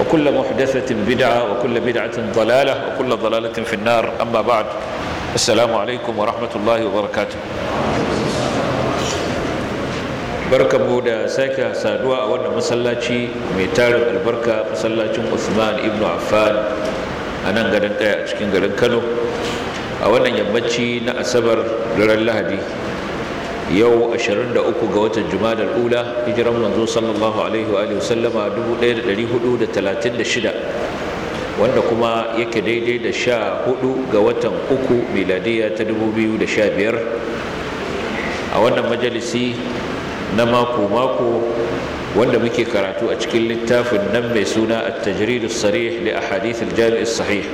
وكل محدثة بدعة وكل بدعة ضلالة وكل ضلالة في النار أما بعد السلام عليكم ورحمة الله وبركاته barka mu da sake saduwa a wannan masallaci mai tarin albarka masallacin Usman ibnu Affan a nan garin daya a cikin garin Kano a wannan yammaci na asabar daren Lahadi yau 23 ga watan jumada ula hijiran manzo sallallahu alaihi wa sallama 1436 wanda kuma yake daidai da 14 ga watan uku miladiya ta 2015 a wannan majalisi na mako-mako wanda muke karatu a cikin littafin nan mai suna a tajridu sarih li a hadithin jami'is sahih eh,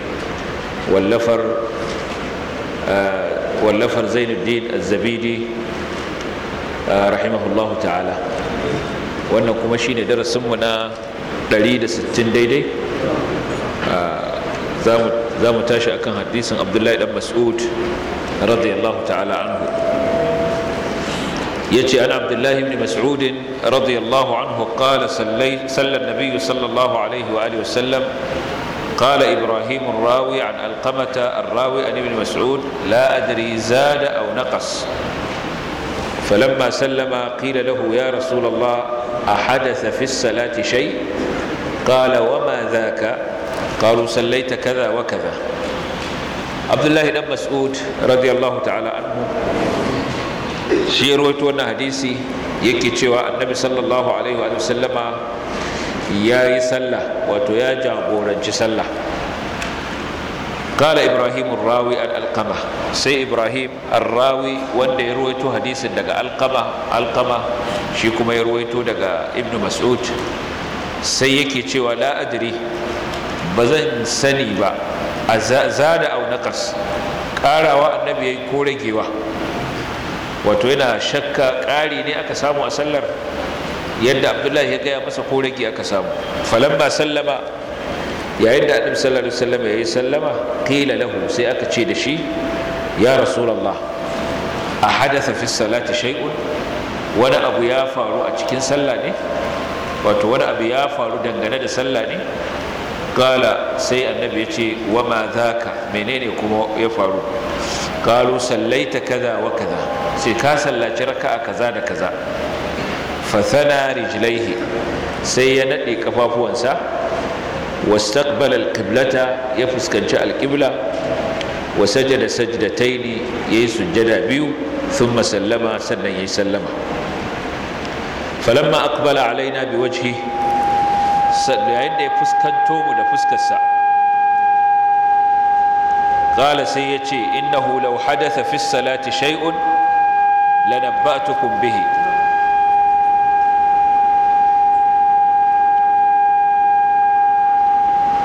wallafar zainuddin az rahimahullah ta'ala wannan kuma shine darasinmu na 160 daidai za mu tashi kan hadisin abdullahi dan mas'ud radiyallahu ta'ala anhu yace an abdullahi ibn mas'ud radiyallahu anhu qala sallallahu alaihi wa sallallahu alaihi wa alihi wa sallam قال إبراهيم الراوي عن القمة الراوي عن ابن مسعود لا أدري زاد أو فلما سلم قيل له يا رسول الله أحدث في الصلاة شيء قال وما ذاك قالوا صليت كذا وكذا عبد الله بن مسعود رضي الله تعالى عنه shi rawaito wannan hadisi yake cewa annabi sallallahu alaihi wa sallama ya yi sallah wato ya jagoranci sallah قال إبراهيم الراوي عن القمة سي إبراهيم الراوي وان يرويتو حديث دقا القمة القمة شيكما يرويتو دقا ابن مسعود سيكي تشوى لا أدري بزن سني با زاد أو نقص قال النبي يقول جيوه wato yana shakka ƙari ne aka samu a sallar yadda abdullahi ya gaya masa ko rage aka samu falan ba sallama yayin da annabi sallallahu alaihi wasallam yayi sallama qila lahu sai aka ce da shi ya rasulullah a hadasa fi salati shay'un wani abu ya faru a cikin sallah ne wato wani abu ya faru dangane da sallah ne kala sai annabi ya ce wa ma zaka menene kuma ya faru kalu sallaita kaza wa kaza sai ka sallaci raka'a kaza da kaza fa sana rijlaihi sai ya nade kafafuwansa واستقبل القبلة يفسكن شاء القبلة وسجد سجدتين يسجد بيو ثم سلم سنة يسلم فلما أقبل علينا بوجهه عند يفسكن توم دفسك الساعة قال سيتي إنه لو حدث في الصلاة شيء لنبأتكم به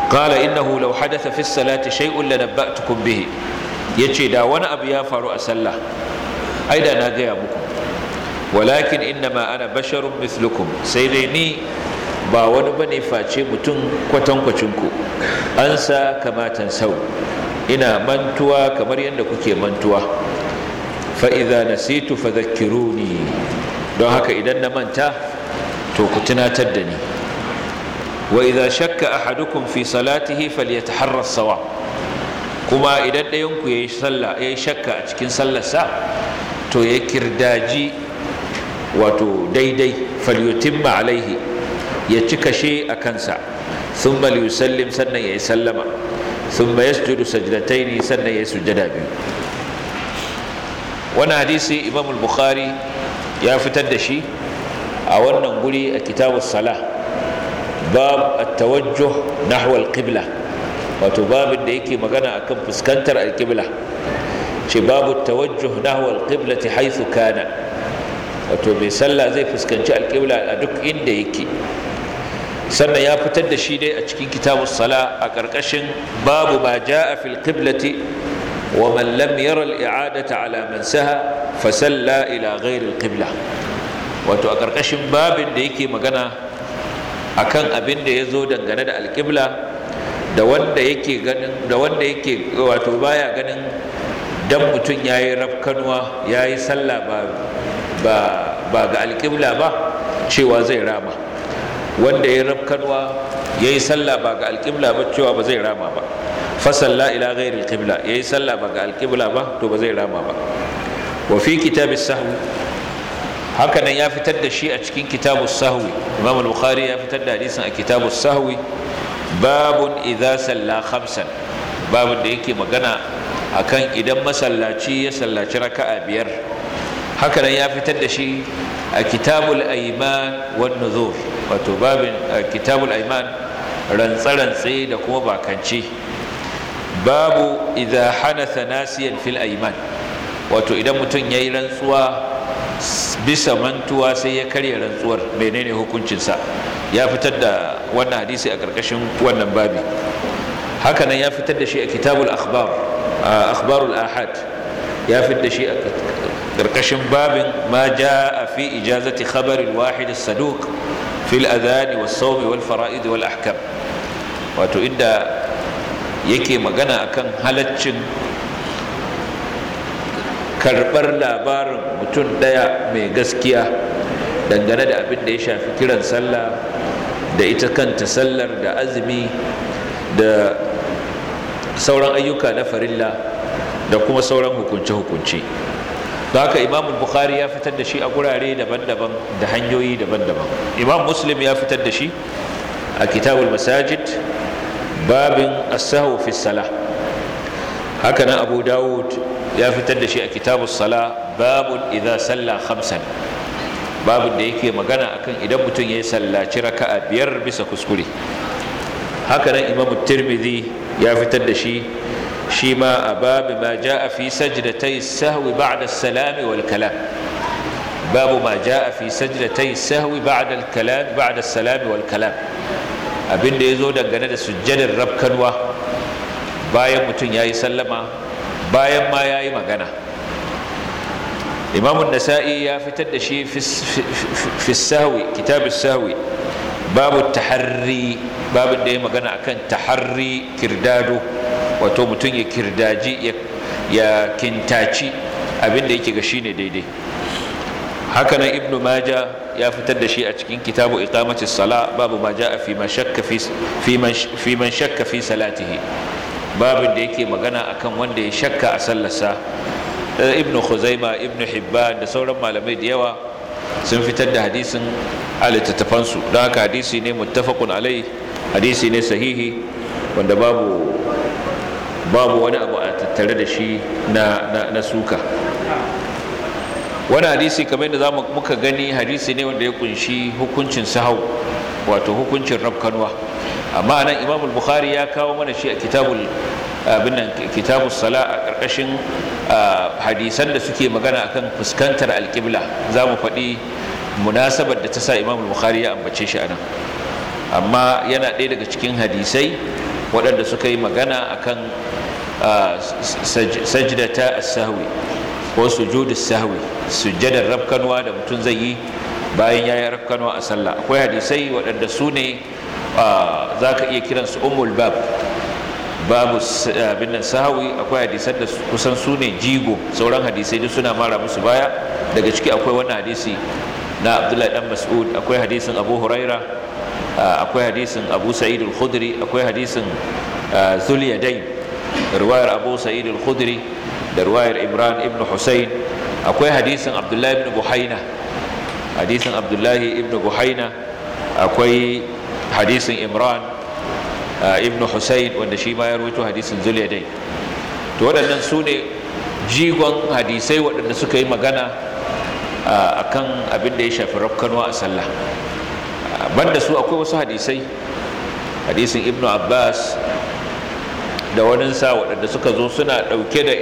qala innahu law hadatha fi salati shay'un lanabba'tukum bihi yace da wani abu ya faru a sallah ai da na gaya muku walakin innama ma'ana basharun mithlukum sai dai ni ba wani bane face mutum kwatankwacinku, an sa kamatan sau ina mantuwa kamar yadda kuke mantuwa fa'iza nasitu ne, don haka idan na manta to ku tunatar da ni wa idza shakka ahadukum fi salatihi falyataharra sawa kuma idan ɗayan ku yayi sallah yayi shakka a cikin sallarsa to ya kirdaji wato daidai falyutimma alaihi ya ci kashe a kansa thumma liyusallim sannan yayi sallama thumma yasjudu sajdataini sannan yayi sujada biyu wannan hadisi imam al-bukhari ya fitar da shi a wannan guri a kitabus salah bab at-tawajjuh nahwa wato babin da yake magana akan fuskantar alƙibla, ce babu tawajjuh nahwa al-qiblati haythu kana wato mai sallah zai fuskanci alƙibla a duk inda yake sannan ya fitar da shi dai a cikin kitabun sala a karkashin babu ma jaa fil qiblati wa man lam yara al-i'adata ala saha fa salla ila ghairi al wato a ƙarƙashin babin da yake magana akan abin da ya zo dangane da alƙibla da wanda yake ganin da wanda yake wato baya ganin dan mutum ya yi rafkanuwa ya yi sallah ba ga alƙibla ba cewa zai rama wanda ya rafkanuwa ya yi sallah ba ga alƙibla ba cewa ba zai rama ba fasalla ila ghairil qibla ya yi sallah ba ga alƙibla ba to ba zai rama ba wa fi kitabis sahwi haka nan ya fitar da shi a cikin kitabu sahwi imam al-bukhari ya fitar da hadisin a kitabu sahwi babun idza salla khamsan babun da yake magana akan idan masallaci ya sallaci raka'a biyar haka nan ya fitar da shi a kitabul aiman wan nuzur wato babin kitabul aiman rantsa-rantsa da kuma bakanci babu idza hanatha nasiyan fil aiman wato idan mutum yayi rantsuwa bisa mantuwa sai ya karya rantsuwar menene hukuncinsa ya fitar da wannan hadisi a karkashin wannan babi hakanan ya fitar da shi a kitabul akhbar akhbarul ahad ya fitar da shi a karkashin babin ma jaa fi ijazati khabar al-wahid as-saduq fi al-adhan wa was-sawm wa al faraid wa al ahkam wato inda yake magana akan halaccin karɓar labarin mutum ɗaya mai gaskiya dangane da abin da ya shafi kiran sallah da ita kanta sallar da azumi da sauran ayyuka na farilla da kuma sauran hukunce-hukunce da haka imam bukhari ya fitar da shi a gurare daban-daban da hanyoyi daban-daban imam muslim ya fitar da shi a kitabul masajid babin asahu fi salah Hakanan abu dawud ya fitar da shi a kitabu sala babun idan sallah khamsan babun da yake magana akan idan mutum ya yi sallaci raka'a biyar bisa kuskure hakanan Imam imamu tirmidhi ya fitar da shi shi ma a babu ma ja'a fi sajdatai sahwi ba'da salami wal kalam babu ma ja'a fi sajdatai sahwi ba'da kalam ba'da salami wal kalam ya zo dangane da sujjadar rabkanwa bayan mutum ya yi sallama bayan ma ya yi magana imamun nasa'i ya fitar da shi fi sahwi babu taharri babin da ya magana akan taharri kirdado wato mutum ya kirdaji ya kintaci abinda yake ga shine daidai hakanan ibnu maja ya fitar da shi a cikin kitabu iqamati sala babu ma a shakka fi man shakka fi salatihi babin da yake magana akan wanda ya shakka a sallarsa eh, ibn khuzaima ibn hibban da sauran malamai da yawa sun fitar da hadisin a littattafansu don haka hadisi ne muttafaqun alai hadisi ne sahihi wanda babu babu wani abu a tattare da shi na, na, suka wani hadisi kamar yadda za muka gani hadisi ne wanda ya kunshi hukuncin sahau wato hukuncin rabkanwa. amma nan imam bukhari ya kawo mana shi a kitabul abin nan kitabus sala a karkashin hadisan da suke magana akan fuskantar alƙibla. za mu faɗi munasabar da ta sa imam bukhari ya ambace shi anan amma yana ɗaya daga cikin hadisai waɗanda suka yi magana akan sajdata sahwi ko sujudu sahwi sujjadar rabkanwa da mutum zai yi bayan ya yi rabkanwa a sallah akwai hadisai waɗanda su ne za ka iya kiransu umul bab babu abin nan sahawi akwai hadisan da kusan su ne jigo sauran hadisai duk suna mara musu baya daga ciki akwai wannan hadisi na abdullahi dan mas'ud akwai hadisin abu huraira akwai hadisin abu sa'id al-khudri akwai hadisin zuliyadain riwayar abu sa'id al-khudri da riwayar imran ibn husayn akwai hadisin abdullahi ibn buhaina hadisin abdullahi ibn buhaina akwai hadisin imran uh, ibnu husayn wanda shi ma ya rawaito hadisin zuliyadai to waɗannan su ne jigon hadisai waɗanda suka yi magana uh, a kan abin da ya shafi rafkanwa a sallah uh, banda su akwai wasu hadisai hadisin ibnu abbas da waninsa waɗanda suka zo suna ɗauke da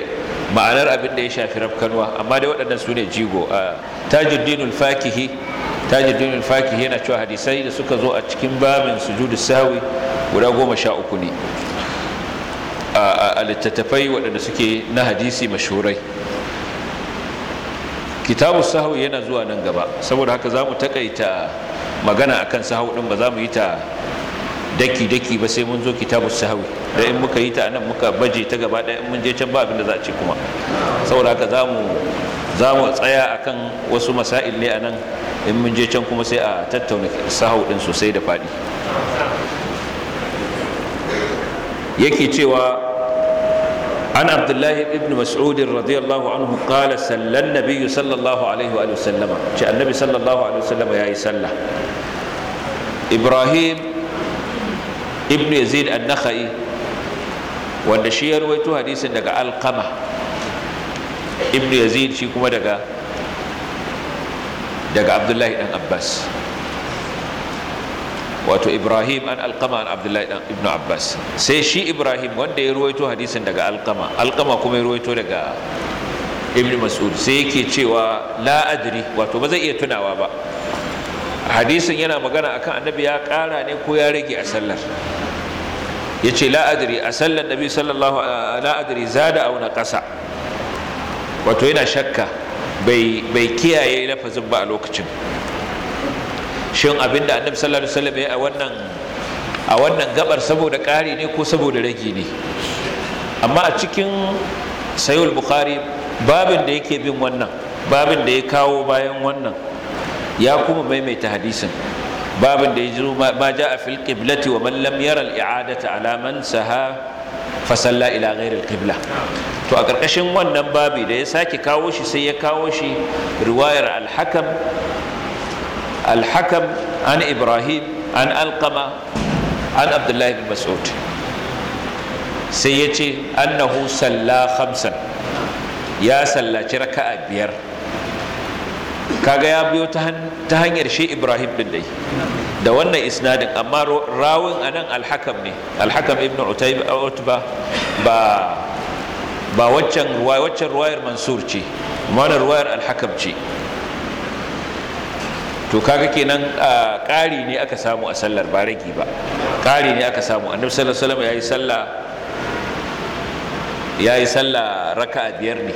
ma'anar abin da ya shafi rafkanwa amma dai waɗannan su ne jigo a tajuddinul fakihi tajiddin al yana cewa hadisai da suka zo a cikin babin sujudu sawi guda goma sha uku ne a littattafai waɗanda suke na hadisi mashhurai kitabu sahwi yana zuwa nan gaba saboda haka za mu takaita magana akan sahu din ba za mu yi ta daki daki ba sai mun zo kitabu sahau. da in muka yi ta nan muka baje ta gaba ɗaya mun je can ba abinda za a ce kuma saboda haka za mu tsaya a tsaya akan wasu masail ne a nan. in mun je can kuma sai a tattauna sahau din sosai da faɗi yake cewa an abdullahi ibn mas'udin radiyallahu anhu qala sallan nabiyyu sallallahu alaihi wa sallama ce annabi sallallahu alaihi wa sallama yayi sallah ibrahim ibn yazid an-nakhai wanda shi ya rawaito hadisin daga al alqama ibn yazid shi kuma daga daga abdullahi dan abbas wato ibrahim an alkama an abdullahi dan ibn abbas sai shi ibrahim wanda ya ruwaito hadisin daga alkama alkama kuma ya ruwaito daga ibn mas'ud sai yake cewa la adri wato ba zai iya tunawa ba hadisin yana magana akan annabi ya kara ne ko ya rage a sallar ya ce la adri a sallar nabi sallallahu la adri zada auna ƙasa wato yana shakka bai kiyaye lafazin ba a lokacin shin abinda annabi sallallahu alaihi ya a wannan a wannan gabar saboda ƙari ne ko saboda rage ne amma a cikin sayul bukhari babin da yake bin wannan babin da ya kawo bayan wannan ya kuma maimaita hadisin babin da ya ji ma ja a fil qiblati wa man lam yara al i'adata ala man saha fa salla ila ghairi al qibla to a ƙarƙashin wannan babi da ya sake kawo shi sai ya kawo shi riwayar alhakam alhakam an ibrahim an alkama an abdullahi bin mas'ud sai ya ce annahu salla khamsan ya sallaci raka'a biyar kaga ya biyo ta hanyar shi ibrahim din dai da wannan isnadin amma rawin anan alhakam ne alhakam ibn utayba ba ba waccan waccan ruwayar mansur ce mana ruwayar alhakam ce to kaga kenan ƙari ne aka samu a sallar ba ragi ba ƙari ne aka samu annabi sallallahu alaihi wasallam yayi sallah yayi sallah raka'a biyar ne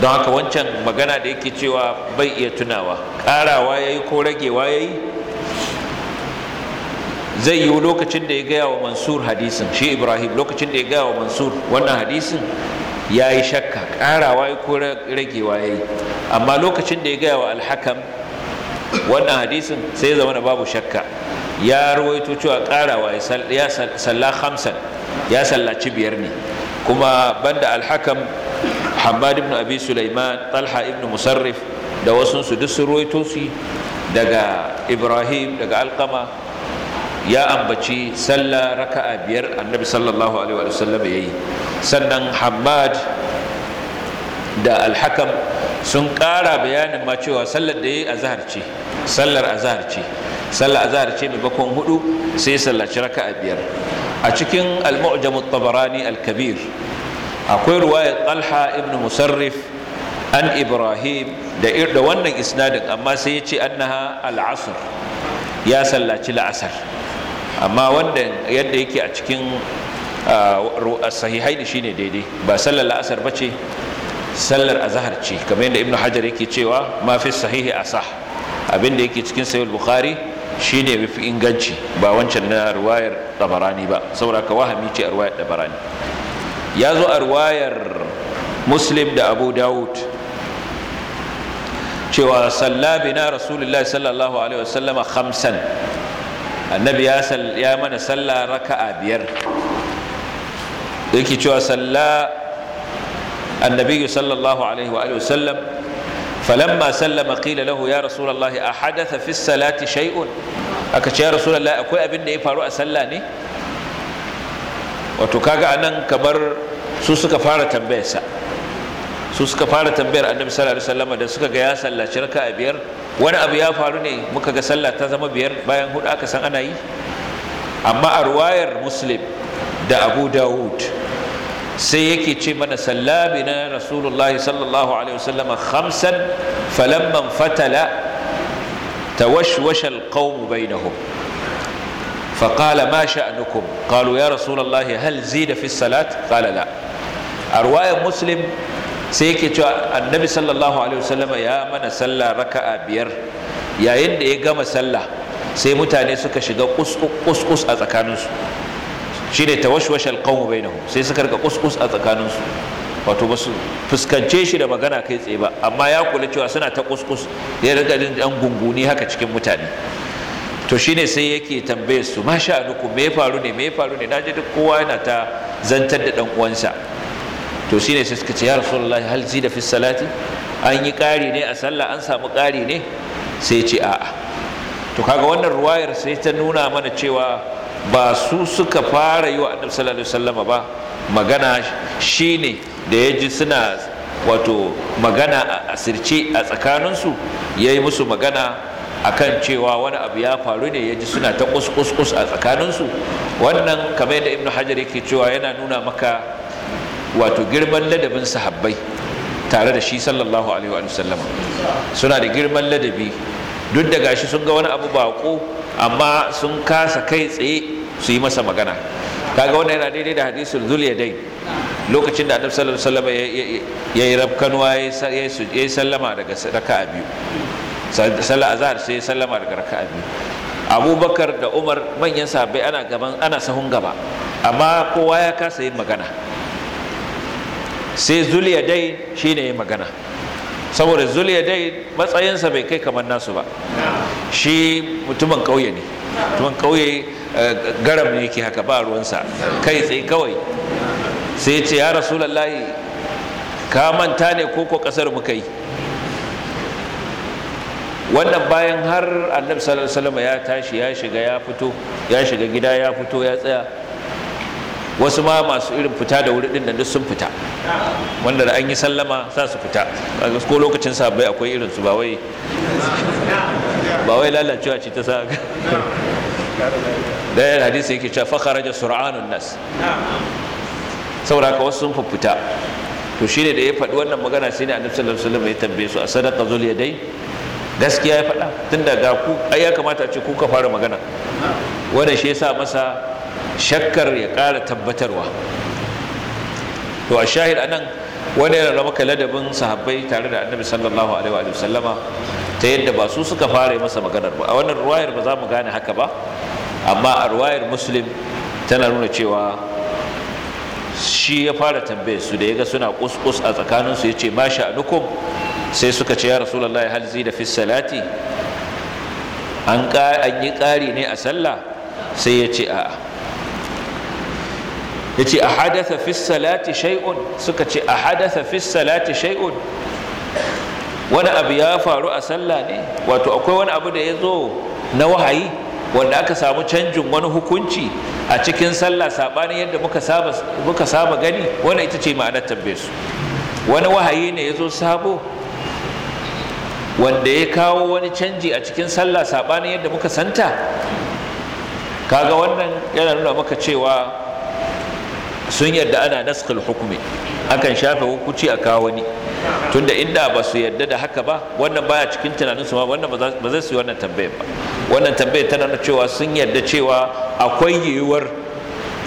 don haka wancan magana da yake cewa bai iya tunawa ƙarawa yayi ko ragewa yayi zai yiwu lokacin da ya gaya wa mansur hadisin shi ibrahim lokacin da ya gaya wa mansur wannan hadisin ya yi shakka karawa ko ragewa ya yi amma lokacin da ya gaya wa alhakam wannan hadisin sai ya zama da babu shakka ya rawaito cewa karawa ya salla hamsan ya sallaci biyar ne kuma banda alhakam hamad ibn abi sulaiman talha ibn musarrif da wasunsu duk sun rawaito su daga ibrahim daga alkama ya ambaci sallah raka'a biyar annabi sallallahu alaihi wa yayi sannan Hamad da alhakam sun ƙara bayanin ma cewa sallar da yayi azhar ce sallar azhar ce sallar azhar ce bakon hudu sai sallaci raka'a biyar a cikin al-mu'jam tabarani al-kabir akwai ruwayar talha ibn musarrif an ibrahim da wannan isnadin amma sai ya ce annaha al-asr ya sallaci la'asar amma wanda yadda yake a cikin sahihai shine daidai ba sallar la'asar ba ce sallar azahar ce kamar yadda ibnu hajar yake cewa ma fi sahihi sah abinda yake cikin sayul bukhari shine mafi inganci ba wancan na ruwayar tabarani ba saboda ka wahami ce a ruwayar ya zo a ruwayar muslim da abu dawud cewa salla bina rasulullahi sallallahu alaihi wasallama khamsan annabi ya mana sallah raka'a biyar yake cewa salla annabi sallallahu alaihi wa sallam falamma sallama qila ya rasulullahi a hadatha fi salati shay'un aka ce ya rasulullahi akwai abin da ya faru a sallah ne wato kaga anan kamar su suka fara tambayarsa su suka fara tambayar annabi sallallahu alaihi wasallam da suka ga ya sallaci raka'a biyar wani abu ya faru ne muka ga sallah ta zama biyar bayan hudu aka san ana yi amma a ruwayar muslim da abu dawud sai yake ce mana sallabi na rasulullahi sallallahu alaihi wasallama khamsan falamman fatala tawashwasha alqawmu bainahum فقال ما شأنكم قالوا يا رسول الله هل زيد في الصلاة قال لا رواية مسلم sai yake cewa annabi sallallahu alaihi wasallama ya mana sallah raka'a biyar yayin da ya gama sallah sai mutane suka shiga kuskus a tsakaninsu shi ne tawashwashal qawmu bainahum sai suka rika kuskus a tsakaninsu wato ba su fuskance shi da magana kai tsaye ba amma ya kula cewa suna ta kuskus ya riga jin dan gunguni haka cikin mutane to shine sai yake tambayar su masha me faru ne me faru ne naji duk kowa yana ta zantar da dan uwansa to shine sai suka ce ya rasulullahi hal zida fi salati an yi ƙari ne a sallah an samu ƙari ne sai ce a'a to kaga wannan ruwayar sai ta nuna mana cewa ba su suka fara yi wa annabi sallallahu alaihi wasallam ba magana shine da ya ji suna wato magana a asirce a tsakaninsu ya yi musu magana akan cewa wani abu ya faru ne ya ji suna ta kus kus kus a tsakaninsu wannan kamar yadda ibnu hajar yake cewa yana nuna maka wato girman ladabin sahabbai tare da shi sallallahu alaihi wa sallam suna da girman ladabi duk da gashi sun ga wani abu bako amma sun kasa kai tsaye su yi masa magana kaga wannan yana daidai da hadisul zuliyadai lokacin da annabi sallallahu alaihi wasallam ya yi rafkanuwa ya yi sallama daga raka'a biyu sallar azhar sai ya sallama daga raka'a biyu abubakar da umar manyan sahabbai ana gaban ana sahun gaba amma kowa ya kasa yin magana sai dai, shine ya magana saboda dai, matsayinsa bai kai kamar nasu ba shi mutumin ƙauye ne mutumin ƙauye eh, garam ne yake haka ba ruwansa kai tsaye kawai sai ce ya rasulallah, ka manta ne ko ko ƙasar muka yi wannan bayan har annabi sallallahu alaihi ya tashi ya shiga ya fito ya shiga gida ya fito ya tsaya wasu ma masu irin fita da wuri din da duk sun fita wanda da an yi sallama za su fita ko lokacin sabai akwai irin su ba wai ba wai lalacewa ce ta saka. da yan hadisi yake cewa fakhara da sur'anun nas saboda ka wasu sun fita to shi ne da ya faɗi wannan magana shi ne a sallallahu alaihi ya tambaye su a sadaqa zul dai. gaskiya ya faɗa tun ga ku ai ya kamata a ce ku ka fara magana wannan shi sa masa shakkar ya ƙara tabbatarwa to a shahid anan wani yana maka ladabin sahabbai tare da annabi sallallahu alaihi wa sallama ta yadda ba su suka fara masa maganar ba a wannan ruwayar ba za mu gane haka ba amma a ruwayar muslim tana nuna cewa shi ya fara tambaye su da ya ga suna kuskus a tsakaninsu ya ce ma sha'anukum sai suka ce ya rasulallah hal da fi salati an yi ƙari ne a sallah sai ya ce a'a yace a hadasa fi salati shay'un suka ce a hadasa fi salati shay'un wani abu ya faru a sallah ne wato akwai wani abu da ya zo na wahayi wanda aka samu canjin wani hukunci a cikin sallah saɓanin yadda muka saba gani wani ita ce ma'anar tambaye su wani wahayi ne ya zo sabo wanda ya kawo wani canji a cikin sallah saɓanin yadda muka santa kaga wannan yana nuna maka cewa sun yarda ana naskul hukumi akan shafe hukunci a kawo wani tunda inda ba su yarda da haka ba wannan baya cikin tunanin su ba wannan ba zai su yi wannan tambayar ba wannan tambayar tana na cewa sun yarda cewa akwai yiwuwar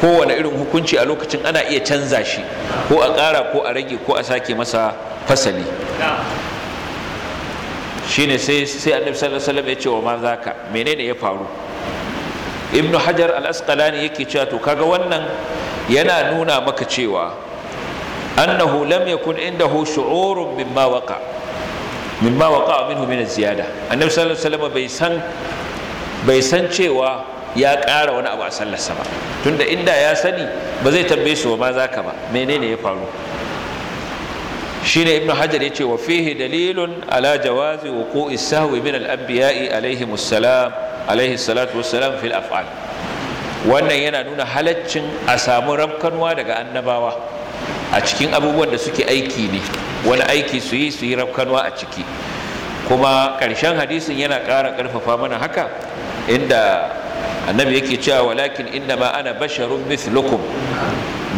kowane irin hukunci a lokacin ana iya canza shi ko a ƙara ko a rage ko a sake masa fasali shine sai sai annabi sallallahu alaihi wasallam ya ce wa ma zaka menene ya faru ibnu hajar al-asqalani yake cewa to kaga wannan yana nuna maka cewa annahu lam yakun indahu shu'urun mimma waqa mimma waqa minhu min ziyada annabi sallallahu alaihi wasallam bai san bai san cewa ya ƙara wani abu a sallarsa ba tunda inda ya sani ba zai tambaye su ba ma zaka ba menene ya faru shine ibn hajar ce wa fihi dalilun ala jawazi wuqu'i sahwi min al alaihi assalam alaihi salatu wassalam fil af'al wannan yana nuna halaccin a samu rabkanwa daga annabawa a cikin abubuwan da suke aiki ne wani aiki su yi su yi rabkanwa a ciki kuma ƙarshen hadisin yana ƙara ƙarfafa mana haka inda annabi yake cewa walakin inda ma ana basharun mislukum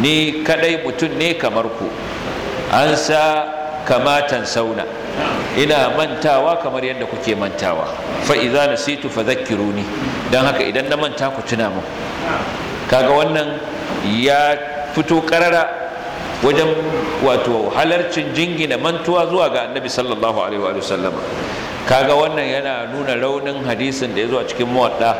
ni kadai mutum ne kamar ku an sa kamatan sauna ina mantawa kamar yadda kuke mantawa fa idza nasitu fadhakkiruni dan haka idan na manta ku tuna mu kaga wannan ya fito karara wajen wato halarcin jingina mantuwa zuwa ga annabi sallallahu alaihi wa sallama kaga wannan yana nuna raunin hadisin da ya zo a cikin muwadda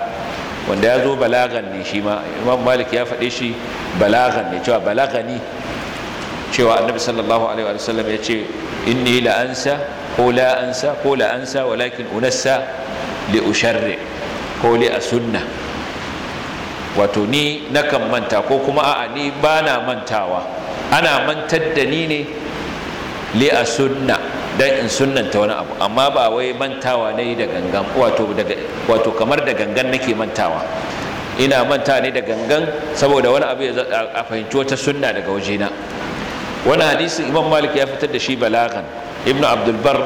wanda ya zo balagan ne shi ma imam malik ya faɗe shi balagan ne cewa balagani cewa annabi sallallahu alaihi wa sallam ya ce inni la ansa ko la ansa ko la ansa walakin unassa li usharri ko li asunna wato ni nakan manta ko kuma a'a ni bana mantawa ana mantar da ni ne li asunna dan in sunnanta wani abu amma ba wai mantawa ne da gangan wato wato kamar da gangan nake mantawa ina manta ne da gangan saboda wani abu a fahimci wata sunna daga wajena wani hadisin imam malik ya fitar da shi balagan ibn abdulbar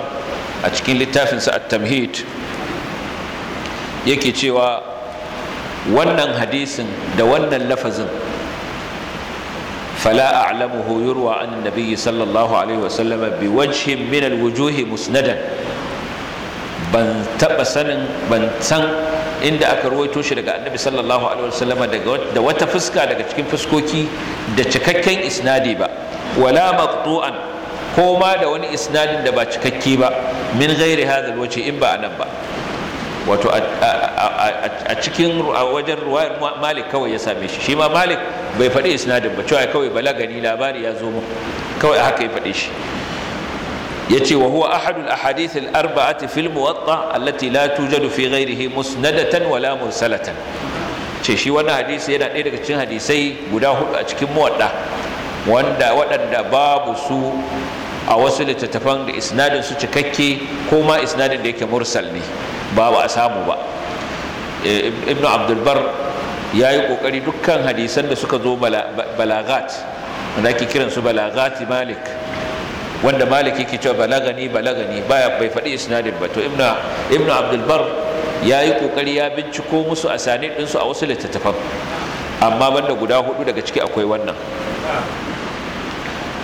a cikin littafinsa a tamhid yake cewa wannan hadisin da wannan lafazin فلا أعلمه يروى عن sallallahu alaihi الله عليه وسلم بوجه من الوجوه musnadan, ban taɓa sanin ban san inda aka ruwaito shi daga annabi sallallahu alaihi wasallama da wata fuska daga cikin fuskoki da cikakken isnadi ba wala maqtu'an ko ma da wani isnadin da ba cikakke ba min ghairi hadha alwaji in ba anan ba wato a cikin wajen ruwayar malik kawai ya same shi shi ma malik bai faɗi isnadin ba cewa kawai balagani labari ya zo mu kawai haka ya faɗi shi yace wa huwa ahadul ahadith al arba'ati fil muwatta allati la tujadu fi ghairihi musnadatan wala mursalatan ce shi wannan hadisi yana ɗaya daga cikin hadisai guda hudu a cikin muwadda wanda waɗanda babu su a wasu littattafan da isnadin su cikakke ko ma isnadin da yake mursal ne ba ba a samu ba e, ibnu abdulbar ya yi ƙoƙari dukkan hadisan da suka zo balagat wanda ake kiransu balagati malik wanda maliki ke cewa balagani balagani baya bai faɗi isnadin ba to ibnu ibnu abdul ya yi kokari ya binciko musu asanin ɗinsu a wasu littattafan amma banda guda hudu daga ciki akwai wannan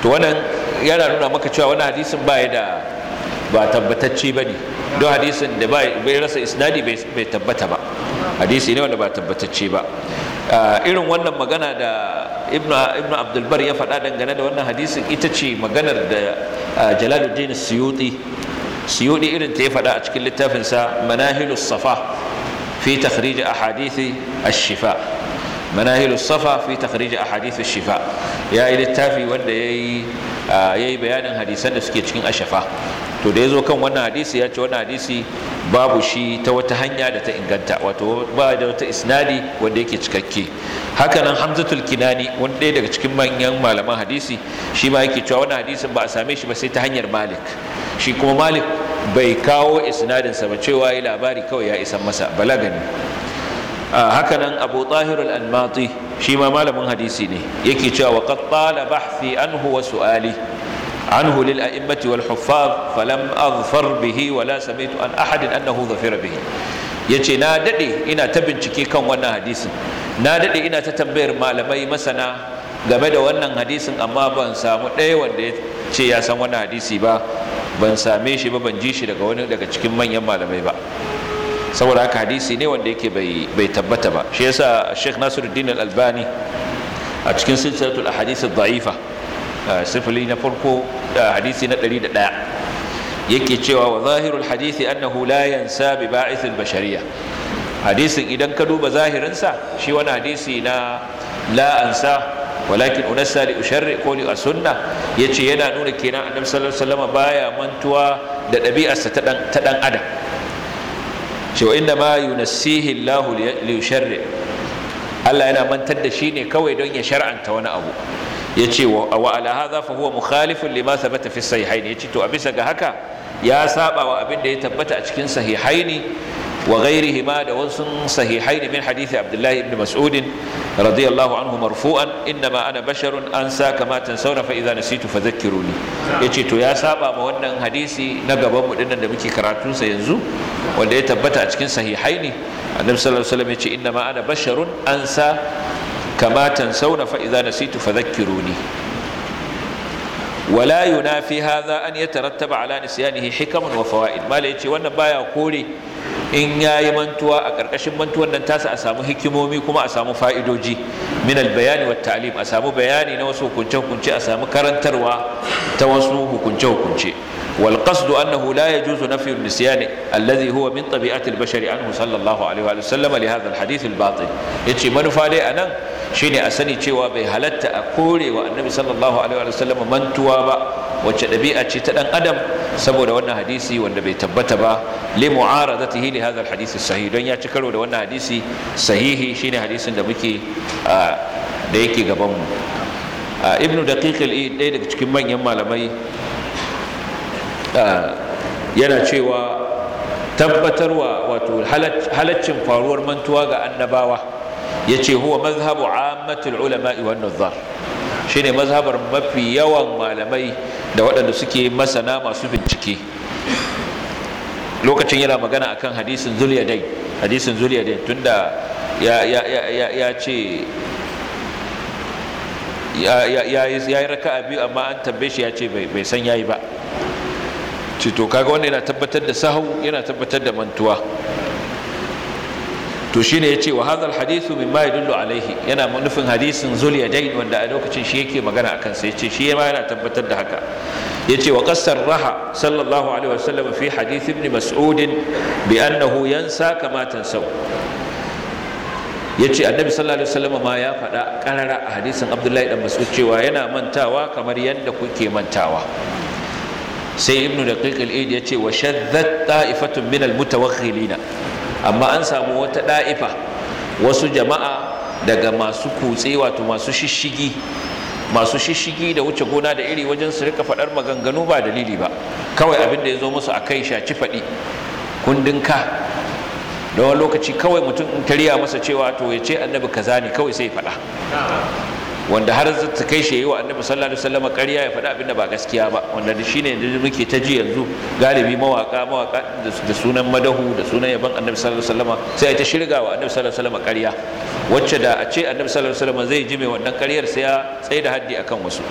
to wannan yana nuna maka cewa wani hadisin baya da ba tabbatacce ba ne don hadisin da bai rasa isnadi bai tabbata ba hadisi ne wanda ba tabbatacce ba Ah, irin wannan magana da ibn abdulbar ya faɗa dangane da wannan hadisin ita ce maganar da ah, jalaluddin suyuti suyuti irin ta ya faɗa a cikin littafinsa manahilus safa fi takhrij ahadithi ash-shifa manahilus safa fi takhrij ahadith ash-shifa ya yi littafi wanda yayi ah, yayi bayanin hadisan da suke cikin ash-shafa to da ya zo kan wannan hadisi ya ce wannan hadisi babu shi ta wata hanya da ta inganta wato ba da wata isnadi wanda yake cikakke hakanan hamzatul kinani wani ɗaya daga cikin manyan malaman hadisi shi ma yake cewa wannan hadisin ba a same shi ba sai ta hanyar malik shi kuma malik bai kawo isnadinsa ba cewa ya labari kawai ya isan masa balagani hakanan abu tahir al-almati shi ma malamin hadisi ne yake cewa wa qad bahthi anhu wa su'ali An عنه للأئمة والحفاظ فلم أظفر به ولا سمعت Ahadin, أحد أنه Bihi. Ya ce na daɗe ina ta bincike kan wannan hadisin na daɗe ina ta tambayar malamai masana game da wannan hadisin amma ban samu ɗaya wanda ya ya san wannan hadisi ba ban same shi ba ban ji shi daga wani daga cikin manyan malamai ba saboda haka hadisi ne wanda yake bai tabbata ba shi yasa Sheikh Nasiruddin Al-Albani a cikin silsilatul ahadith ad-da'ifa Eh, sifili na farko eh, hadisi na ɗari da ɗaya yake cewa wa zahirul hadisi annahu la yansa bi ba'ithil bashariya hadisin idan ka duba zahirinsa shi wani hadisi na la ansa walakin unassa li usharri ko li sunna yace yana nuna kenan annabi sallallahu alaihi wasallam baya mantuwa da ɗabi'arsa ta dan ta dan adam cewa inda ma yunassihi Allahu li Allah yana mantar da shi ne kawai don ya shar'anta wani abu yace wa ala hadha fa huwa mukhalifun lima thabata fi sahihaini yace to a bisa ga haka ya saba wa abin da ya tabbata a cikin sahihaini wa ghairihima da wasu sahihaini min hadisi abdullahi ibn mas'ud radiyallahu anhu marfu'an innama ana basharun an sa kama tansawna fa idza nasitu fadhakkiruni yace to ya saba ma wannan hadisi na gaban mu dinnan da muke karatun sa yanzu wanda ya tabbata a cikin sahihaini annabi sallallahu alaihi wasallam yace innama ana basharun an sa kama tansawna fa idza nasitu fadhakkiruni wala yunafi hadha an yatarattaba ala nisyanihi hikamun wa fawaid mala yace wannan baya kore in yayi mantuwa a karkashin mantuwan nan tasa hikimomi kuma a samu fa'idoji min albayani wat bayani na wasu hukunce hukunce karantarwa ta wasu hukunce annahu la yajuzu nafyu an min tabi'ati al yace manufa dai shine a sani cewa bai halatta a kore wa annabi sallallahu alaihi wa sallam mantuwa ba wacce ɗabi'a ce ta ɗan adam saboda wannan hadisi wanda bai tabbata ba li mu'aradatihi li hadha hadisi sahih don ya ci karo da wannan hadisi sahihi shine hadisin da muke da yake gaban mu ibnu daqiq al-eid ɗaya daga cikin manyan malamai yana cewa tabbatarwa wato halaccin faruwar mantuwa ga annabawa Ya ce, huwa mazhabu ammatul ulama'i wan nazar shine mazhabar mafi yawan malamai da waɗanda suke masana masu bincike lokacin yana magana akan hadisin zuliyadai hadisin zuliyadai tunda ya ya ya ya ce ya yi raka'a biyu amma an tambaye shi ya ce bai san yayi ba ce to kaga wanda yana tabbatar da sahu yana tabbatar da mantuwa to ya ce wa hadha min mimma yadullu alaihi yana nufin hadisin zul yadain wanda a lokacin shi yake magana akan sa ce shi ma yana tabbatar da haka ce wa qassar raha sallallahu alaihi wasallam fi hadith ibn mas'ud bi annahu yansa kama tansau ya ce annabi sallallahu alaihi wasallam ma ya faɗa ƙarara a hadisin abdullahi dan mas'ud cewa yana mantawa kamar yadda kuke mantawa sai ibnu daqiq al-id ya ce wa shaddat ta'ifatun min al-mutawakhilina amma an samu wata ɗa'ifa wasu jama'a daga masu kutse wato masu shishigi masu shishigi da wuce gona da iri wajen su rika faɗar maganganu ba dalili ba kawai abin da ya zo musu a kai shaci faɗi kundin ka da lokaci kawai mutum in tariya masa cewa to ya ce annabi kaza ne kawai sai faɗa wanda har ta kai shi yi wa annabi sallallahu alaihi wasallam ƙarya ya faɗi abin da ba gaskiya ba wanda da shine da muke ta ji yanzu galibi mawaka mawaka da sunan madahu da sunan yaban annabi sallallahu alaihi wasallam sai ta shirga wa annabi sallallahu alaihi wasallam ƙarya wacce da a ce annabi sallallahu alaihi wasallam zai ji mai wannan ƙaryar sai ya tsaye da haddi akan wasu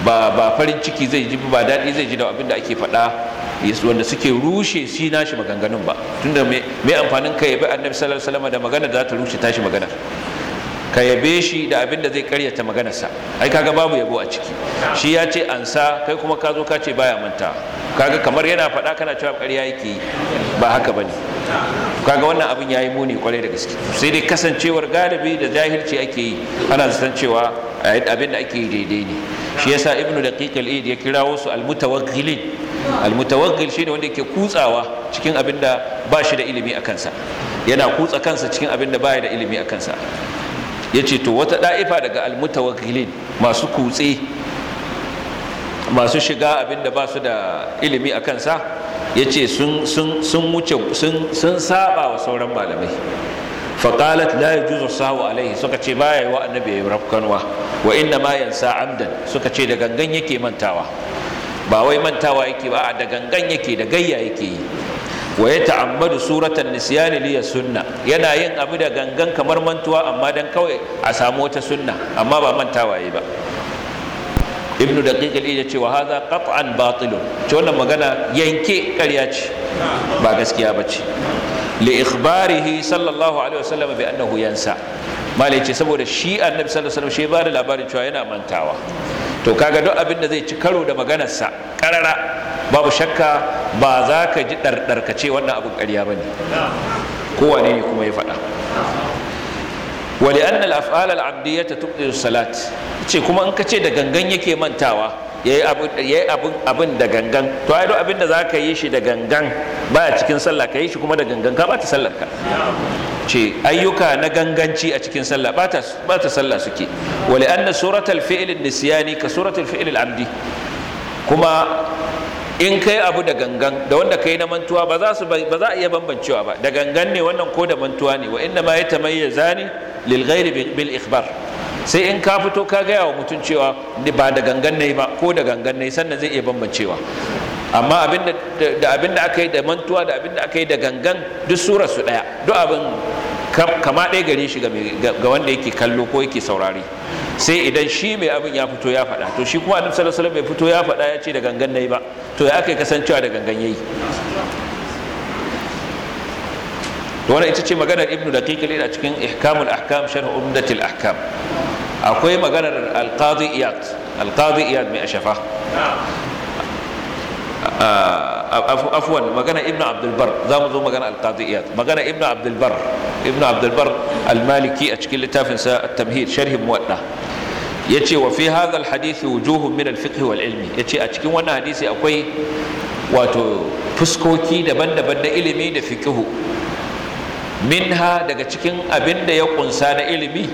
ba ba farin ciki zai ji ba daɗi zai ji da abin da ake faɗa wanda suke rushe shi nashi maganganun ba tunda me amfanin kai yabi annabi sallallahu alaihi wasallam da magana da za ta rushe tashi maganar ka yabe shi da abin da zai karyata maganarsa ai kaga babu yabo a ciki shi ya ce ansa kai kuma ka zo ka ce baya manta kaga kamar yana faɗa kana cewa ƙarya yake yi, ba haka bane kaga wannan abin ya yi muni kwarai da gaske sai dai kasancewar galibi da jahilci ake yi ana zaton cewa eh, abin da ake yi daidai ne shi yasa ibnu daqiq al-id ya kirawo su al-mutawakkilin al-mutawakkil shine wanda yake kutsawa cikin abin da ba shi da ilimi a kansa yana kutsa kansa cikin abin da baya da ilimi a kansa ya ce to wata ɗa'ifa daga almutawakilin masu kutse masu shiga abin da ba su da ilimi a kansa ya ce sun wuce saba wa sauran malamai faƙalat la yi juzo sahu alaihi suka ce ba yi wa annabi ya rafkanwa wa inna ma yansa amdan suka ce da gangan yake mantawa ba wai mantawa yake ba a da gangan yake da gayya yake yi wa ya ta'ammadu suratan nisyani liya sunna yana yin abu da gangan kamar mantuwa amma dan kawai a samu wata sunna amma ba mantawa yi ba ibnu daqiq al ce wa hadha qat'an batilun to wannan magana yanke ƙarya ce ba gaskiya ba ce li ikhbarihi sallallahu alaihi wasallam bi annahu yansa malai ce saboda shi annabi sallallahu alaihi wasallam shi ba da labarin cewa yana mantawa to kaga duk abin da zai ci karo da maganarsa karara babu shakka ba za ka ji ɗarɗarka wannan abin ƙarya ba ne kowane ne kuma ya faɗa wali annal af'al al abdiyya ta salat ce kuma in ka ce da gangan yake mantawa yayi abin abin da gangan to ai duk abin da za ka yi shi da gangan baya cikin sallah ka yi shi kuma da gangan ka bata sallar ka ce ayyuka na ganganci a cikin sallah ba ta sallah suke wale anna suratul fi'l nisyani ka suratul fi'ilin amdi kuma in kai abu da gangan da wanda kai na mantuwa ba za su a iya bambancewa ba da gangan ne wannan ko da mantuwa ne wa inna ma ya ne lil ghairi bil ikhbar sai in ka fito ka gaya wa mutum cewa ba da gangan ne ba ko da gangan ne sannan zai iya bambancewa amma da abin da aka yi da mantuwa da abin da aka yi da gangan duk surar su daya duk abin kama ɗaya gare shi ga wanda yake kallo ko yake saurari sai idan shi mai abin ya fito ya faɗa to shi kuma annabi sallallahu alaihi bai fito ya faɗa ya ce da gangan nayi ba to ya aka kasancewa da gangan yayi wannan ita ce maganar ibnu daqiq a cikin ihkamul ahkam sharh umdatil ahkam akwai maganar alqadi iyad alqadi iyad mai ashafa Ah, afwan magana ibnu abdul bar za mu zo magana al-qadiyat magana ibnu abdul al-maliki a cikin littafin sa at-tamhid sharh muwadda yace wa fi hadha al-hadith wujuhun min al-fiqh wal ilmi yace a cikin wannan hadisi akwai wato fuskoki daban-daban na ilimi da fiqhu minha daga cikin abin da ya kunsa na ilimi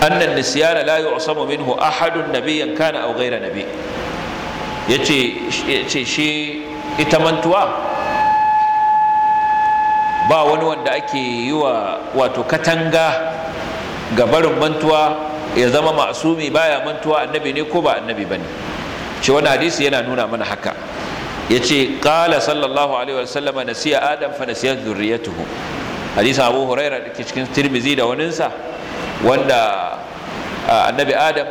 annan nisyana la yu'samu minhu ahadun nabi yanka na aw ghayra nabi yace yace shi ita mantuwa ba wani wanda ake yi wa wato katanga ga barin mantuwa ya zama masumi baya mantuwa annabi ne ko ba annabi bane ce wani hadisi yana nuna mana haka ya ce ƙala sallallahu alaihi wasallama nasiya adam fa nasiya zurriyatuhu hadisin abu huraira da cikin tirmizi da waninsa wanda annabi adam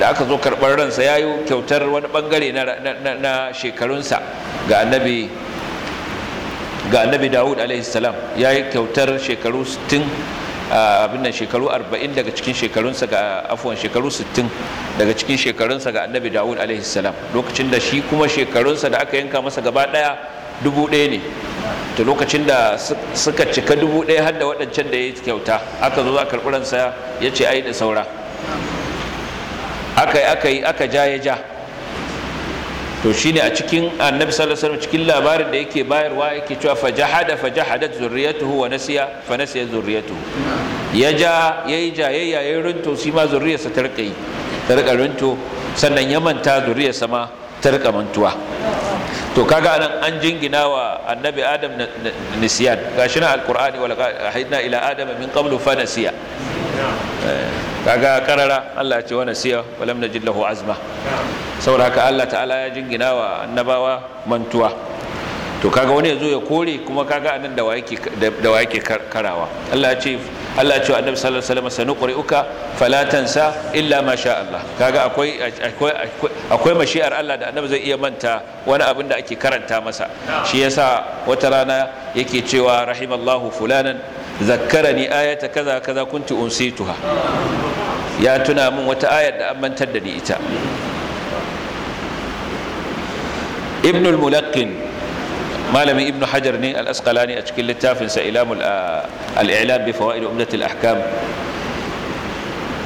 da aka zo karɓar ransa ya yi kyautar wani ɓangare na shekarunsa ga annabi ga annabi dawud alaihissalam ya yi kyautar shekaru 60 abin da shekaru 40 daga cikin shekarunsa ga afuwan shekaru 60 daga cikin shekarunsa ga annabi dawud alaihissalam lokacin da shi kuma shekarunsa da aka yanka masa gaba daya dubu ɗaya ne to lokacin da suka cika dubu ɗaya har da waɗancan da ya yi kyauta aka zo za a karɓi ransa ya ce ai da saura aka yi aka yi aka ja ya ja to shine a cikin annabi sallallahu alaihi cikin labarin da yake bayarwa yake cewa fa jahadat zurriyatuhu wa nasiya fa nasiya zurriyatuhu ya ja yayi jayayya yayi runto shi ma zurriyarsa ta rika yi ta rika runto sannan ya manta zurriyarsa ma ta rika mantuwa to kaga anan an jingina wa annabi adam nisyan gashi na alqur'ani wal ahidna ila adam min qablu fa nasiya eh. kaga karara Allah ya ce wa nasiya wa lam najid lahu azma saboda haka Allah ta'ala ya jingina wa annabawa mantuwa to kaga wani yazo ya kore kuma kaga anan da wake da wake karawa Allah ya ce Allah ya ce annabi sallallahu alaihi wasallam sanuqri'uka fala tansa illa ma sha Allah kaga akwai akwai akwai mashi'ar Allah da annabi zai iya manta wani abin da ake karanta masa shi yasa wata rana yake cewa rahimallahu fulanan zakkarani ayata kaza kaza kunti unsituha ya tuna min wata ayar da an mantar da ni ita Ibnul mulaqqin malamin ibnu hajar ne al-asqalani a cikin littafinsa ilamul al-i'lam bi fawaid umdat al-ahkam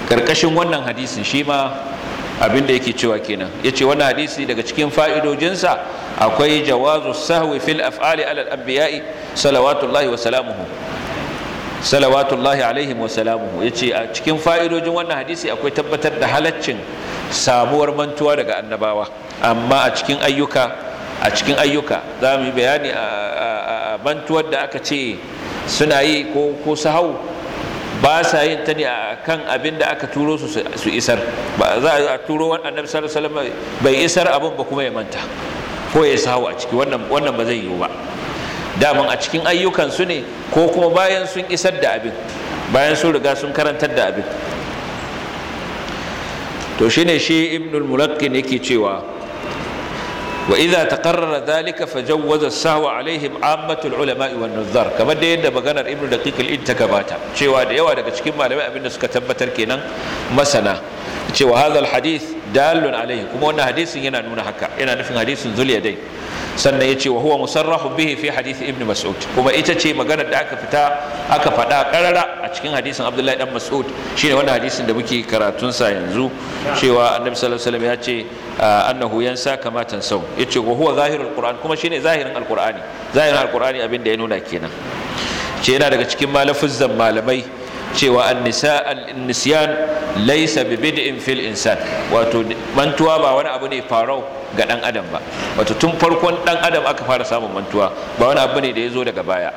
karkashin wannan hadisin shi ma abin da yake cewa kenan yace wannan hadisi daga cikin fa'idojinsa akwai jawazu sahwi fil af'ali ala al-anbiya'i salawatullahi wa salamuhu salawatullahi alaihim wa salamuhu ce a cikin fa'idojin wannan hadisi akwai tabbatar da halaccin samuwar mantuwa daga annabawa amma a cikin ayyuka a cikin ayyuka za mu yi bayani a mantuwar da aka ce suna yi ko ko sahau ba sa yin ta ne a kan abin da aka turo su su isar ba za a turo wani annabi sallallahu alaihi bai isar abin ba kuma ya manta ko ya sahau a ciki wannan wannan ba zai yiwu ba daman a cikin ayyukan su ne ko kuma bayan sun isar da abin bayan sun riga sun karantar da abin to shine shi ibnul mulaqqin yake cewa wa idza taqarrara dhalika fajawwaza sahwa alaihim ammatul ulama'i wan nazar kamar da yadda maganar ibnu daqiq al ta gabata cewa da yawa daga cikin malamai abin da suka tabbatar kenan masana cewa hadal hadith dalun alaihi kuma wannan hadisin yana nuna haka yana nufin hadisin zuliyadai sannan ya ce wa huwa musarrahu bihi fi hadisi ibn mas'ud kuma ita ce maganar da aka fita aka faɗa karara a cikin hadisin abdullahi dan mas'ud shine wannan hadisin da muke karatun sa yanzu cewa annabi sallallahu alaihi ya ce ah, annahu yansa kama tansau yace wa huwa zahirul qur'an kuma shine zahirin alqur'ani zahirin alqur'ani abin da ya nuna kenan ce yana daga cikin malafuzzan malamai cewa an-nisyan laysa bi bid'in fil insan wato mantuwa ba wani abu ne farau ga dan adam ba wato tun farkon dan adam aka fara samun mantuwa ba wani abu ne da ya zo daga baya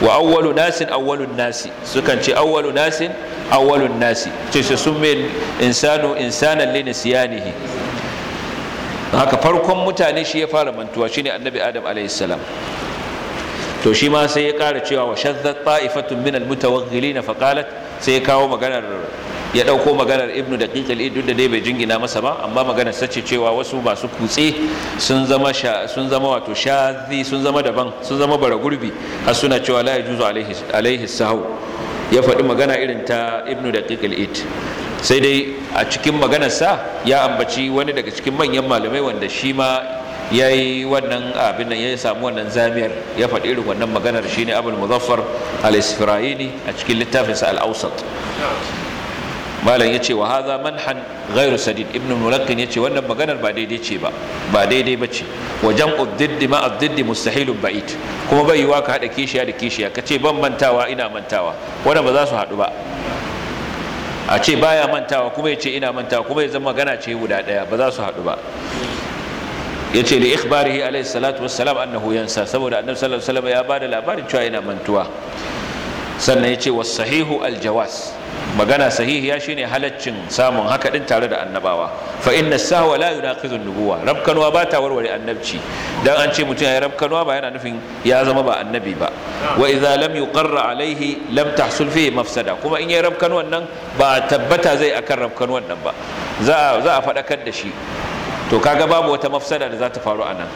wa awwalu nasin awwalun nasi sukan ce awwalu nasin awwalun nasi ce su sun mai insanu insanan li nisyanihi haka farkon mutane shi ya fara mantuwa shine annabi adam alayhi salam to shi ma sai ya ƙara cewa wa shazzat ta'ifatun min almutawaghilin fa qalat sai ya kawo maganar ya ɗauko maganar ibnu daqiq al-idud da dai bai jingina masa ba amma maganar sace cewa wasu masu kutse sun zama sun zama wato shazi sun zama daban sun zama bara gurbi har suna cewa la yajuzu alaihi alaihi sahu ya faɗi magana irin ta ibnu daqiq al-id sai dai a cikin maganarsa ya ambaci wani daga cikin manyan malamai wanda shi ma ya yi wannan abin nan ya samu wannan zamiyar ya faɗi irin wannan maganar ne abul muzaffar al-isfirayini a cikin littafinsa al-awsat malam yace wa hadha manhan ghairu sadid ibnu ya yace wannan maganar ba daidai ce ba ba daidai bace wa jam'u diddi ma ad mustahilun ba'id kuma bai yiwa ka hada kishiya da kishiya ce ban mantawa ina mantawa wannan ba za su haɗu ba a ce baya mantawa kuma ya ce ina mantawa kuma ya zama magana ce guda ɗaya. ba za su haɗu ba yace li ikhbarihi alaihi salatu wassalam annahu yansa saboda annabi sallallahu alaihi wasallam ya bada labarin cewa yana mantuwa sannan ce was sahihu al jawas magana sahihiya shine halaccin samun haka din tare da annabawa fa inna sahwa la yunaqizu nubuwa rabkanwa ba ta warware annabci dan an ce mutum ya rabkanwa ba yana nufin ya zama ba annabi ba wa idza lam yuqarra alaihi lam tahsul fihi mafsada kuma in ya rabkanwan nan ba tabbata zai akan rabkanwan nan ba za a za a fadakar da shi to kaga babu wata mafsada da za ta faru a nan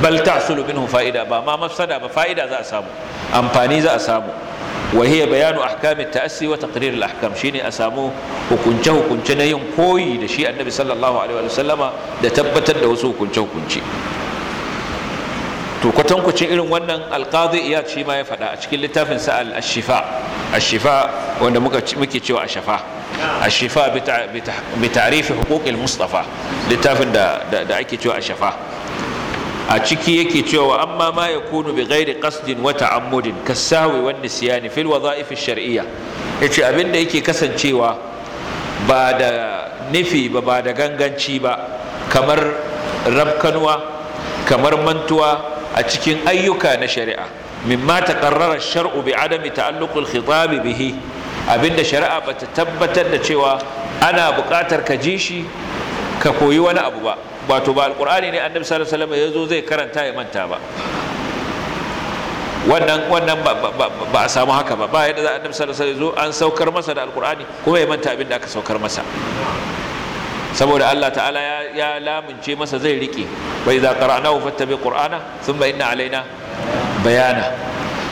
bal tahsulu minhu fa'ida ba ma mafsada ba fa'ida za a samu amfani za a samu wa hiya bayanu ahkam taassi wa taqrir al-ahkam shine a samu hukunce hukunce na yin koyi da shi annabi sallallahu alaihi wa sallama da tabbatar da wasu hukunce hukunce to kwatankwacin irin wannan alqadi iya shi ma ya faɗa a cikin littafin sa al-shifa al-shifa wanda muke cewa a shafa ashifa bi ta'rifi huquqil mustafa littafin da ake cewa a ashafa a ciki yake cewa amma ma yakunu bi ghairi qasdin wa ta'ammudin kasawi wan nisyan fil wadha'if ash-shar'iyya yace abinda yake kasancewa ba da nufi ba ba da ganganci ba kamar rabkanwa kamar mantuwa a cikin ayyuka na shari'a mimma taqarrara ash-shar'u bi adami ta'alluq al bihi abinda shari'a ba ta tabbatar da cewa ana buƙatar ka ji shi ka koyi wani abu ba wato ba alƙur'ani ne annabi sallallahu alaihi wasallam ya zo zai karanta ya manta ba wannan wannan ba a samu haka ba ba yadda za annabi sallallahu alaihi wasallam zo an saukar masa da alƙur'ani kuma ya manta abinda aka saukar masa saboda Allah ta'ala ya lamince masa zai rike wa idza qara'nahu fattabi qur'ana thumma inna alaina bayana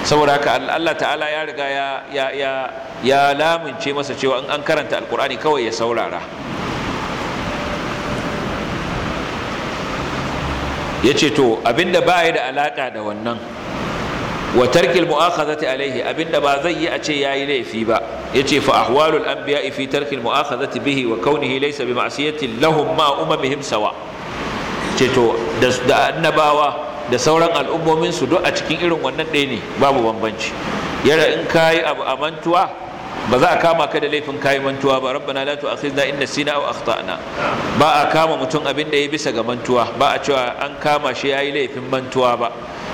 saboda haka Allah ta'ala ya riga ya ya ya lamunce masa cewa in an karanta alkur'ani kawai ya saurara ya ce to abinda ba ya da alaka da wannan wa tarkil mu'akhazati alaihi abinda ba zai yi a ce yayi laifi ba yace fa ahwalul anbiya fi tarkil mu'akhazati bihi wa kaunihi laysa bi ma'siyati lahum ma umamihim sawa ce to da annabawa da sauran al'ummominsu duk a cikin irin wannan ɗaya ne babu bambanci yara in ka yi abu a mantuwa ba za a kama ka da laifin kayi mantuwa ba rabbana la tu'akhidna in nasina aw akhtana ba a kama mutum abin da ya bisa ga mantuwa ba a cewa an kama shi yayi laifin mantuwa ba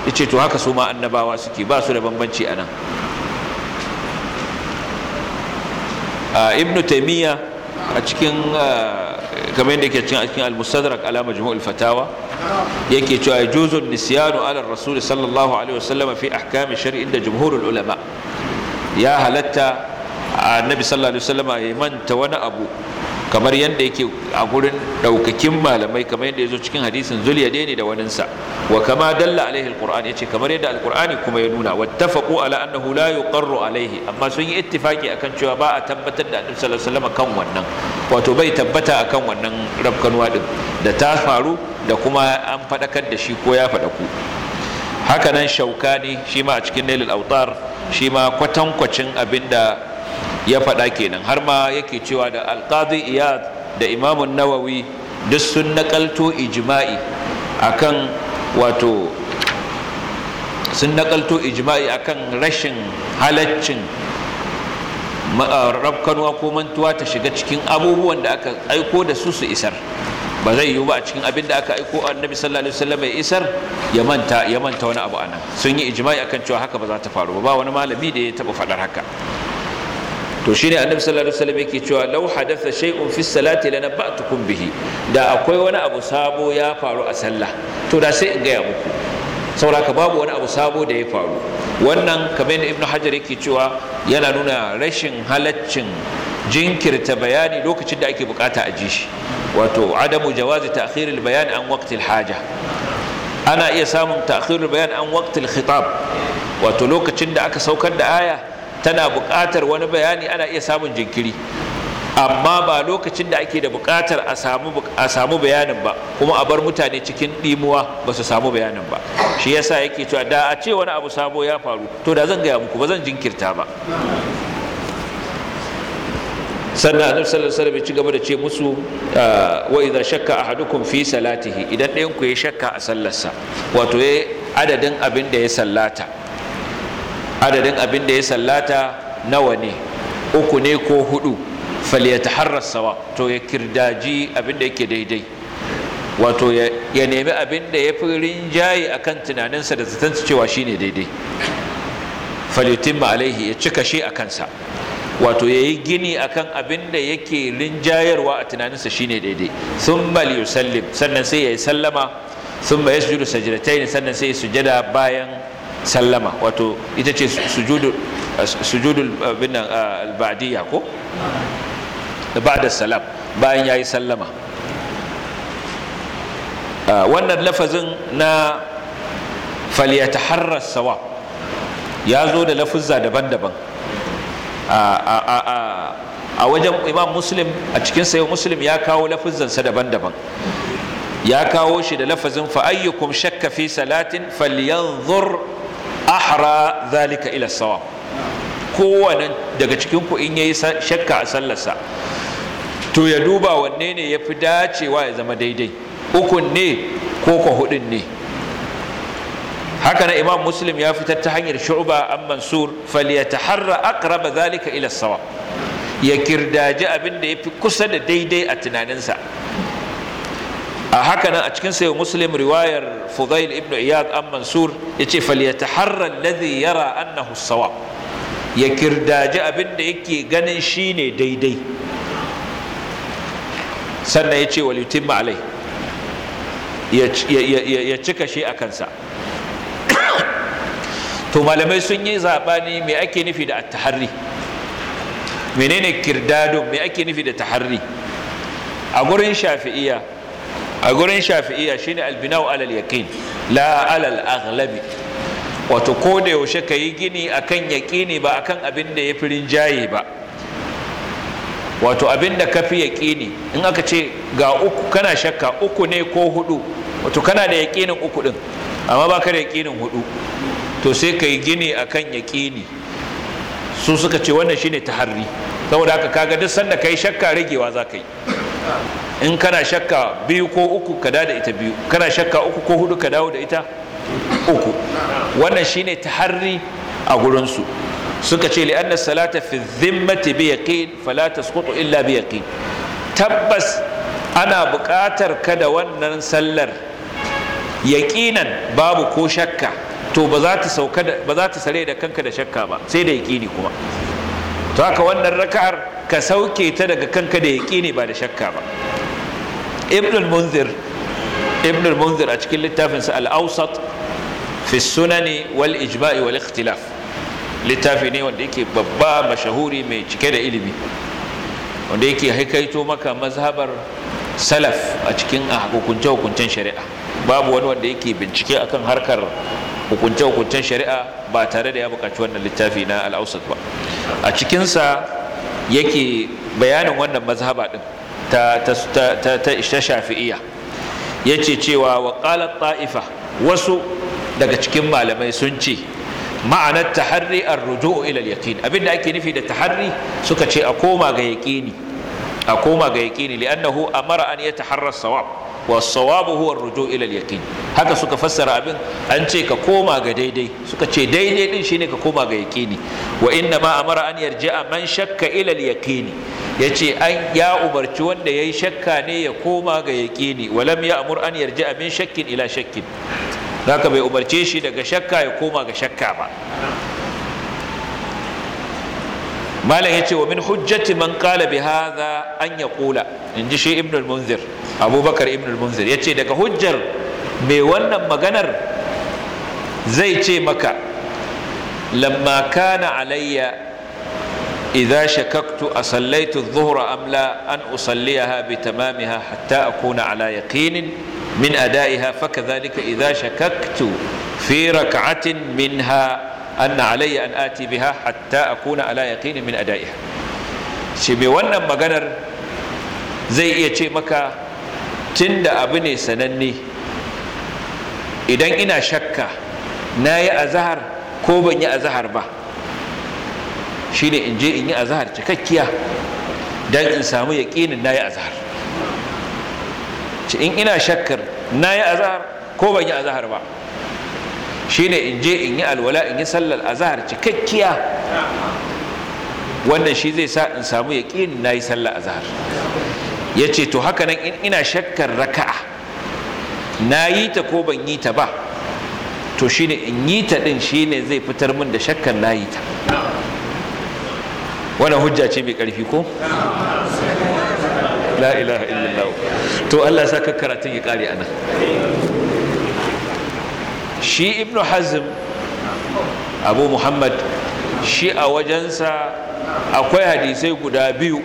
yace to haka su ma annabawa suke ba su da bambanci anan ibnu taymiya a cikin ah, kamar yadda yake cin a cikin al-mustadrak ala majmu'ul fatawa yake cewa yajuzu nisyanu ala rasul sallallahu alaihi wasallam fi ahkami shar'i da jumhurul ulama ya halatta annabi sallallahu alaihi wasallam ya manta wani abu kamar yadda yake a gurin daukakin malamai kamar yadda yazo cikin hadisin zulyadaini da waninsa wa kama dalla alaihi alquran yace kamar yadda alqurani kuma ya nuna wattafaqu ala annahu la yuqarru alaihi amma sun yi ittifaki akan cewa ba a tabbatar da annabi sallallahu alaihi wasallam kan wannan wato bai tabbata akan wannan rabkanuwa din da ta faru da kuma an fadakar da shi ko ya fadaku haka nan ne shi ma a cikin nailul autar shi ma kwatankwacin abinda ya faɗa kenan har ma yake cewa da alqadi iyad da imamun nawawi duk sun nakalto ijma'i akan wato sun akan rashin halaccin rafkanuwa ko mantuwa ta shiga cikin abubuwan da aka aiko da su su isar ba zai yiwu ba a cikin abin da aka aiko annabi sallallahu alaihi wasallam ya isar ya manta ya wani abu anan sun yi ijma'i akan cewa haka ba za ta faru ba Ba wani malami da ya taɓa faɗar haka to shine annabi sallallahu alaihi wasallam yake cewa law hadatha shay'un fi salati lanabatukum bihi da akwai wani abu sabo ya faru a sallah to da sai in gaya muku sauraka babu wani abu sabo da ya faru wannan kamar ibnu hajar yake cewa yana nuna rashin halaccin jinkirta bayani lokacin da ake bukata a ji shi wato adamu jawazi ta'khiril bayan an waqtil haja ana iya samun ta'khirul bayan an waqtil khitab wato lokacin da aka saukar da aya tana buƙatar wani bayani ana iya samun jinkiri amma ba lokacin da ake da buƙatar a samu bayanin ba kuma a bar mutane cikin ɗimuwa ba su samu bayanin ba shi yasa yake cewa da a ce wani abu sabo ya faru to da zan gaya muku ba zan jinkirta ba sannan annabi sallallahu alaihi ci gaba da ce musu ah, wa idza shakka ahadukum fi salatihi idan ɗayan ku ya shakka a sallarsa wato ya adadin abin da ya sallata adadin abin da ya sallata nawa ne uku ne ko hudu falyataharras sawa to ya kirdaji abin da yake daidai wato ya nemi abin da ya fi rinjaye akan tunaninsa da zaton cewa shi ne daidai falyutimma alaihi ya cika shi a kansa wato ya yi gini akan abin da yake rinjayarwa a tunaninsa shi ne daidai sun sallim sannan sai ya yi sallama sun ba ya sujudu sajdatain sannan sai ya sujada bayan sallama wato ita ce sujudul binan albadiya ko da salam bayan ya yi sallama wannan lafazin na falyataharras sawa ya zo da lafuzza daban-daban a wajen imam muslim a cikin sayo muslim ya kawo lafuzzansa daban-daban ya kawo shi da lafazin fa'ayyukum shakka fi salatin falyanzur ahra zalika ila sawab kowane daga cikin ku in yayi shakka a sallarsa to ya duba wanne ne ya fi dacewa ya zama daidai ukun ne ko ko hudun ne haka na imam muslim ya fitar ta hanyar shu'ba an mansur falyataharra aqraba zalika ila sawab ya kirdaji abin da yafi kusa da daidai a tunaninsa a haka nan a cikin sayo muslim riwayar fudail ibn iyad an mansur ya ce falyataharra alladhi yara annahu sawa ya kirdaji abin da yake ganin shine daidai sannan ya ce walutin alai ya cika shi a kansa to malamai sun yi zaɓani me ake nufi da taharri menene kirdadun me ake nufi da taharri a gurin shafi'iya a gurin shafi'iyya shine albinau alal yaqin la alal aghlabi wato ko da yaushe ka yi gini akan yaqini ba akan abin da ya fi rinjaye ba wato abin da ka fi yaqini in aka ce ga uku kana shakka uku ne ko hudu wato kana da yaqinin uku din amma ba ka da yaqinin hudu to sai ka yi gini akan yaqini su suka ce wannan shine taharri saboda haka kaga duk sanda kai shakka ragewa za ka yi in kana shakka biyu ko uku ka da ita biyu kana shakka uku ko hudu ka dawo da ita uku wannan shine taharri a gurinsu suka ce li'anna salata fi dhimmati bi yaqin fala tasqutu illa bi yaqin tabbas ana buƙatar kada wannan sallar yaƙinan babu ko shakka to ba za ta sauka ba za ta sare da kanka da shakka ba sai da yaƙini kuma to haka wannan raka'ar ka sauke ta daga kanka da yaƙini ba da shakka ba Ibnul munzir munzir a cikin littafinsa al-awsat fi sunani wal ijma'i wal ikhtilaf littafi ne wanda yake babba mashahuri mai cike da ilimi wanda yake haikaito maka mazhabar salaf a cikin hukunce-hukuncen shari'a babu wani wanda yake bincike akan harkar hukunce-hukuncen shari'a ba tare da ya buƙaci wannan littafi na al'ausat ba a cikinsa yake bayanin wannan mazhaba ɗin ta shafi'iya ya ce cewa wa ƙalar ta'ifa wasu daga cikin malamai sun ce ma'anar taharri a ruju'u ilal yaqin abinda ake nufi da taharri suka ce a koma ga yaƙini a koma ga yaƙini li'annahu amara an ya sawab wasawabu huwa rujo ilal yaqin haka suka fassara abin an ce ka koma ga daidai suka ce daidai din shine ka koma ga yaqini wa inna ma amara an yarji'a man shakka ilal yaqini yace an ya umarci wanda yayi shakka ne ya koma ga yaqini wa lam ya'mur an yarji'a min shakkin ila shakkin haka bai umarce shi daga shakka ya koma ga shakka ba ماله يتي ومن حجة من قال بهذا أن يقول إن جشي ابن المنذر أبو بكر ابن المنذر يتي لك حجر بيولنا مغنر زي تي مكة لما كان علي إذا شككت أصليت الظهر أم لا أن أصليها بتمامها حتى أكون على يقين من أدائها فكذلك إذا شككت في ركعة منها anna alayya an ati biha hatta akuna ala yaqinin min ada'iha shi mai wannan maganar zai iya ce maka tunda abu ne sananne idan ina shakka na yi azahar ko ban yi azahar ba shine in je in yi azahar cikakkiya don in samu yaƙinin na yi azahar in ina shakkar na yi azahar ko ban yi azahar ba shine in je in yi alwala in yi sallar azahar cikakkiya wannan shi zai sa in samu yaƙinin na yi sallar azahar ya ce to haka nan in ina shakkar raka'a na yi ta ko ban yi ta ba to shine in yi ta ɗin shine zai fitar min da shakkar na yi ta wannan hujja ce mai ƙarfi ko la ilaha illallah to Allah sa ka karatun ya ƙare a nan shi ibn hazm abu muhammad shi a wajensa akwai hadisai guda biyu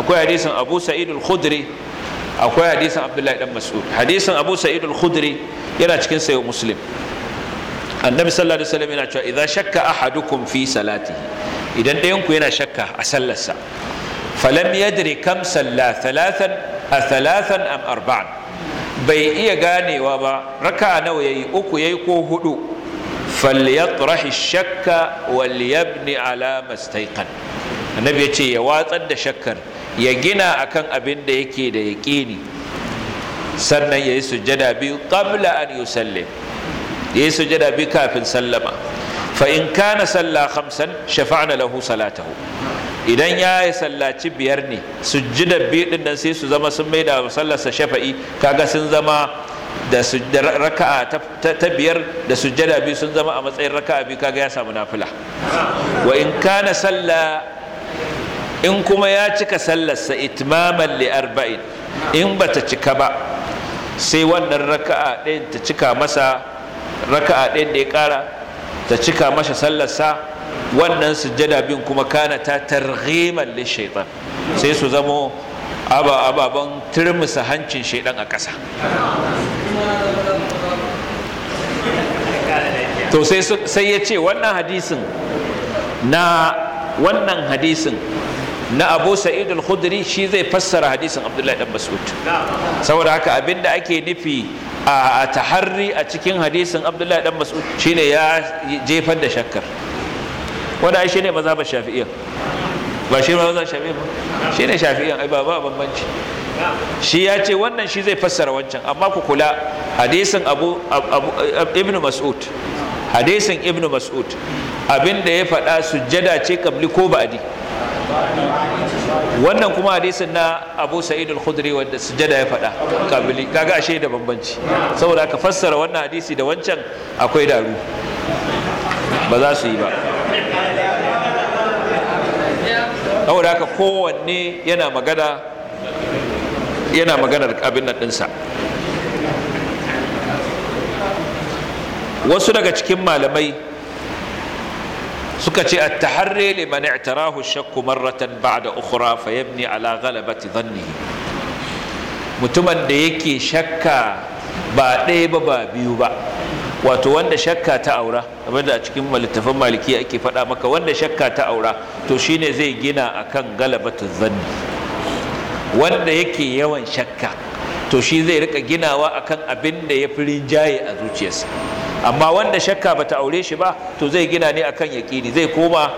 akwai hadisin abu sa'id al-khudri akwai hadisin abdullahi dan mas'ud hadisin abu sa'id al-khudri yana cikin sayo muslim annabi sallallahu alaihi wasallam yana cewa idza shakka ahadukum fi salatihi idan ɗayan ku yana shakka a sallarsa falam yadri kam salla thalathan a thalathan am arba'an bai iya ganewa ba raka nawa yayi uku yayi ko hudu falyatrahi shakka wal yabni ala mastaiqan annabi yace ya watsar da shakkar ya gina akan abin da yake da yaqini sannan yayi sujjada biyu qabla an yusallim yayi sujjada biyu kafin sallama fa in kana salla khamsan shafa'na lahu salatahu idan ya yi sallaci biyar ne sujjidar biyu nan sai su zama sun maida sa shafa'i kaga sun zama da raka'a ta biyar da sujjada biyu sun zama a matsayin raka'a biyu kaga ya samu nafila wa in kana salla in kuma ya cika sallarsa itmaman li arba'in in bata cika ba sai wannan raka'a ɗayan ta cika masa raka'a ɗayan da ya ƙara ta cika masa sallarsa wannan sujjada bin kuma kana ta targhiman lishaitan sai su zamo aba ababan turmusa hancin shaidan a ƙasa to sai ya ce wannan hadisin na wannan hadisin na abu sa'id al-khudri shi zai fassara hadisin abdullahi dan mas'ud saboda haka abinda ake nufi a taharri a cikin hadisin abdullahi dan mas'ud shine ya jefar da shakkar wanda ai shine ba shafi'iyya ba shi maza shafi'iyya ba shine shafi'iyya ai ba ba bambanci shi ya ce wannan shi zai fassara wancan amma ku kula hadisin abu ibnu mas'ud hadisin ibnu mas'ud abin da ya faɗa sujjada ce kabli ko ba'di wannan kuma hadisin na abu sa'id al-khudri wanda sujjada ya faɗa kabli kaga ashe da bambanci saboda ka fassara wannan hadisi da wancan akwai daru ba za su yi ba saboda haka kowanne yana magana yana maganar abin nan ɗinsa wasu daga cikin malamai suka ce at-taharri liman i'tarahu shakku marratan ba'da ukhra fa yabni ala ghalabati dhannihi mutumin da yake shakka ba ɗaya ba ba biyu ba wato wanda shakka ta aura kamar da a cikin littafin maliki ake faɗa maka wanda shakka ta aura to shine zai gina akan galabatun zanni wanda yake yawan shakka to shi zai rika ginawa akan abin da ya fi rinjaye a zuciyarsa amma wanda shakka ta aure shi ba to zai gina ne akan yaƙini zai koma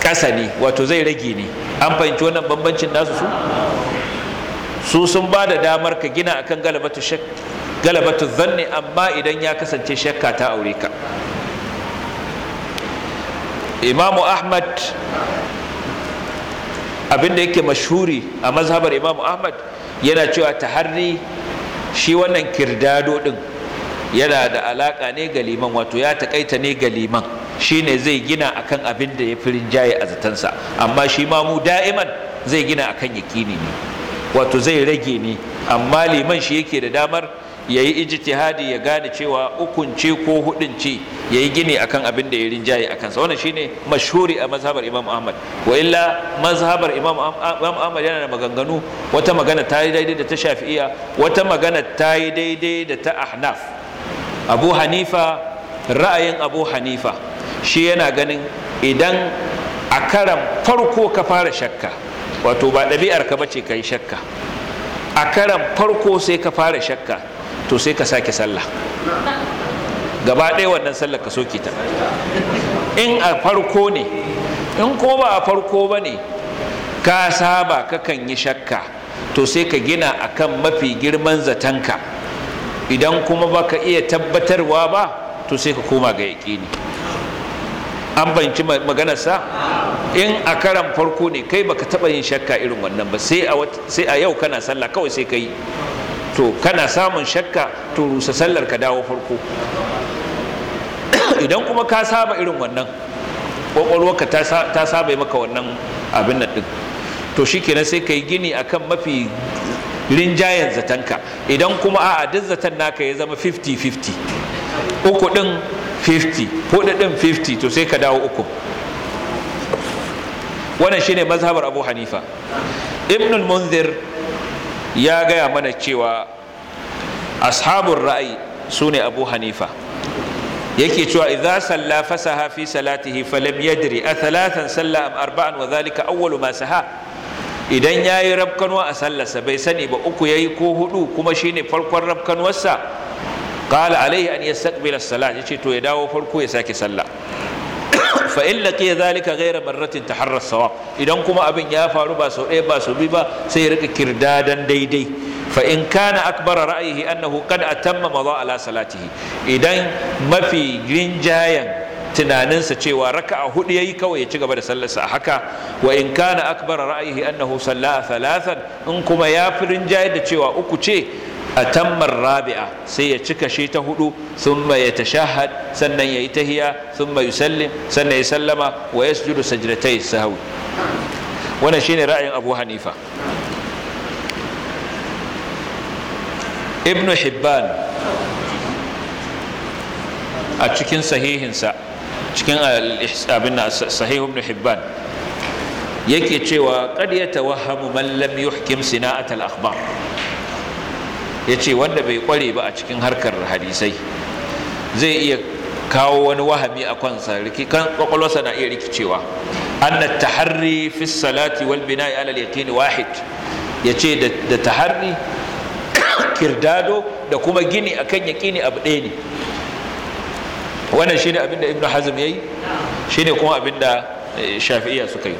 ƙasa ne wato zai rage ne an fahimci wannan bambancin nasu su su sun ba da damar ka gina akan galabatu shak galabatu amma idan ya kasance shakka ta aure ka imamu ahmad abinda yake mashuri a mazhabar Imam ahmad yana cewa taharri shi wannan kirdado din yana da alaka ne ga liman wato ya takaita ne ga liman Shi ne zai gina akan abin da ya firin jaye a zatansa amma shi mu da'iman zai gina akan yaƙini ne wato zai rage ne amma liman shi yake da damar ya yi ijtihadi ya gane cewa ukun ce ko hudun ce ya yi gini akan abin da ya rinjaye a kansa wannan shine mashhuri a mazhabar imam ahmad wa illa mazhabar imam ahmad yana da maganganu wata magana ta yi daidai da ta shafi'iya wata magana ta yi daidai da ta ahnaf abu hanifa ra'ayin abu hanifa shi yana ganin idan a karan farko ka fara shakka wato ba ɗabi'ar ka bace ka yi shakka a karan farko sai ka fara shakka to sai ka sake sallah gaba ɗaya wannan sallah ka soke ta in a farko ne in ko ba a farko ba ne ka saba ka kan yi shakka to sai ka gina a kan mafi girman zatanka idan kuma baka iya tabbatarwa ba to sai ka koma ga yaƙini an banci maganarsa in a karan farko ne kai baka taba yin shakka irin wannan ba sai a yau kana sallah kawai sai kai to kana samun shakka to rusa sallar ka dawo farko idan kuma ka saba irin wannan kwakwalwarka ta saba maka wannan abin nan din to shikenan sai kai gini akan mafi rinjayen zatanka idan kuma a'a duk zatan naka ya zama 50-50 uku din 50 hudu din 50 to sai ka dawo uku wannan shine mazhabar abu hanifa ibn munzir ya gaya mana cewa ashabun ra'ayi su ne abu hanifa yake cewa idza salla fasaha fi salatihi falam yadri a thalathan salla am arba'an wa zalika awwalu ma saha idan yayi rabkanwa a sallarsa bai sani ba uku yayi ko hudu kuma shine farkon rabkanwarsa qala alaihi an yastaqbila as-salat yace to ya dawo farko ya sake sallah fa in ke zalika ghayra marratin taharra sawab idan kuma abin ya faru ba sau ɗaya ba sau biyu ba sai ya rika kirdadan daidai fa in kana akbara ra'ayihi annahu qad atamma madha ala salatihi idan mafi rinjayen tunaninsa cewa raka'a hudu yayi kawai ya ci gaba da sallarsa haka wa in kana akbara ra'ayihi annahu salla thalathan in kuma ya fi rinjaye da cewa uku ce A tammar rabi'a sai ya cika shi ta hudu thumma tashahad, sannan yayi tahiya thumma yusallim sannan ya sallama wa yasjudu sajdatay sahwi wannan shine ra'ayin Abu Hanifa Ibn Hibban a cikin sahihinsa cikin abin sahih Ibn Hibban yake cewa ya tawahamu man lam yuhkim sina'at al-akhbar ya ce wanda bai kware ba a cikin harkar hadisai zai iya kawo wani wahami a rikikan kwakwalwarsa na iya rikicewa anna taharri fi salati wal bina'i ala yaqin wahid yace da da taharri kirdado da kuma gini akan yaqini abu ɗaya ne wannan shine abinda ibnu hazm yayi shine kuma abinda eh, shafi'iyya suka yi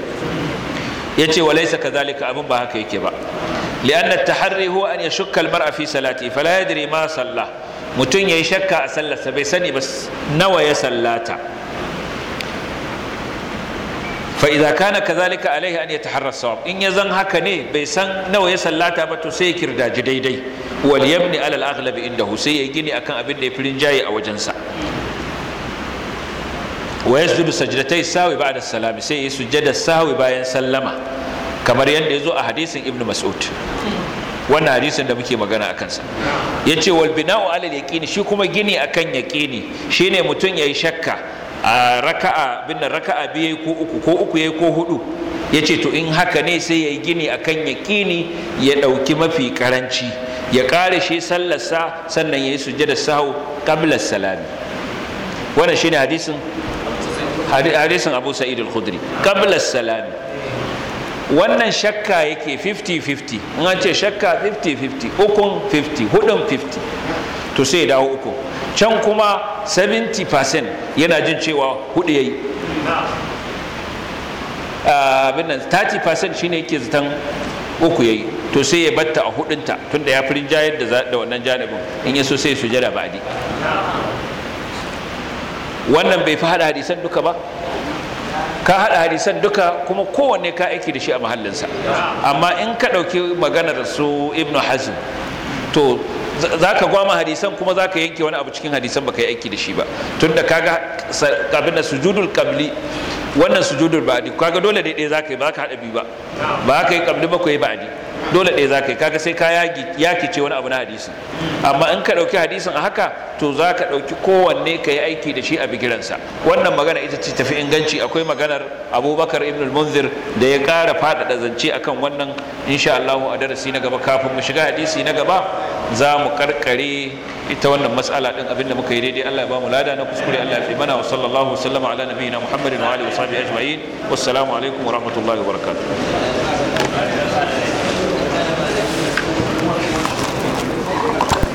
yace walaisa kazalika abin ba haka yake ba li'anna at-tahri huwa an yashukka al-mar'a fi salati fala yadri ma salla mutun yayi shakka a sallarsa bai sani ba nawa ya sallata fa idza kana kadhalika alaihi an yataharra as-sawab in yazan haka ne bai san nawa ya sallata ba to sai ya ji daidai wal yabni ala al-aghlab indahu sai ya gini akan abin da ya firin jayi a wajensa wa yasjudu sajdatai sawi da salami sai ya sujjada sawi bayan sallama kamar yadda ya zo a hadisin ibnu mas'ud wannan hadisin da muke magana a kansa ya ce walbina'u bina'u alal yaqini shi kuma gini akan Shi ne mutum yayi shakka a raka'a bin raka'a biye ko uku ko uku yi ko hudu ya ce to in haka ne sai ya yi gini akan yaƙini ya ɗauki mafi karanci ya ƙare shi sallarsa sannan ya yi yayi da sahu qabla salami wannan shi ne hadisin Abu Sa'id al-Khudri qabla salami wannan shakka yake 50-50 in an ce shakka 50-50 ukun 50 hudun 50 to sai ya dawo uku can kuma 70% yana jin cewa hudu ya yi ah, abinnan 30% shine yake zaton uku ya yi to sai ya batta a hudunta tunda ya firin jayar da wannan janibin in ya so sai a ba'adi wannan bai fi hada hadisan duka ba ka haɗa hadisan duka kuma kowanne ka aiki da shi a mahallinsa amma in ka ɗauki maganar su ibn hazm to za ka gwama hadisan kuma za ka yanke wani abu cikin hadisan ba ka yi aiki da shi ba tun da kaga abin da sujudul kabli wannan sujudul ba'adi kaga dole daidai za ka yi ba ka haɗa biyu ba ba ka yi kabli ba ko yi ba'di dole ɗaya za ka yi kaga sai ka yaki ce wani abu na hadisi amma in ka ɗauki hadisin a haka to za ka ɗauki kowanne ka yi aiki da shi a bigiransa wannan magana ita ce tafi inganci akwai maganar abubakar ibn munzir da ya ƙara faɗaɗa zance a kan wannan insha allahu a darasi na gaba kafin mu shiga hadisi na gaba za mu karkare ita wannan matsala. ɗin abin da muka yi daidai allah ya ba mu lada na kuskure allah ya fi mana wa sallallahu wasallama ala nabiyina muhammadin wa alihi wa sahbihi ajma'in wassalamu alaikum wa rahmatullahi wa barakatuh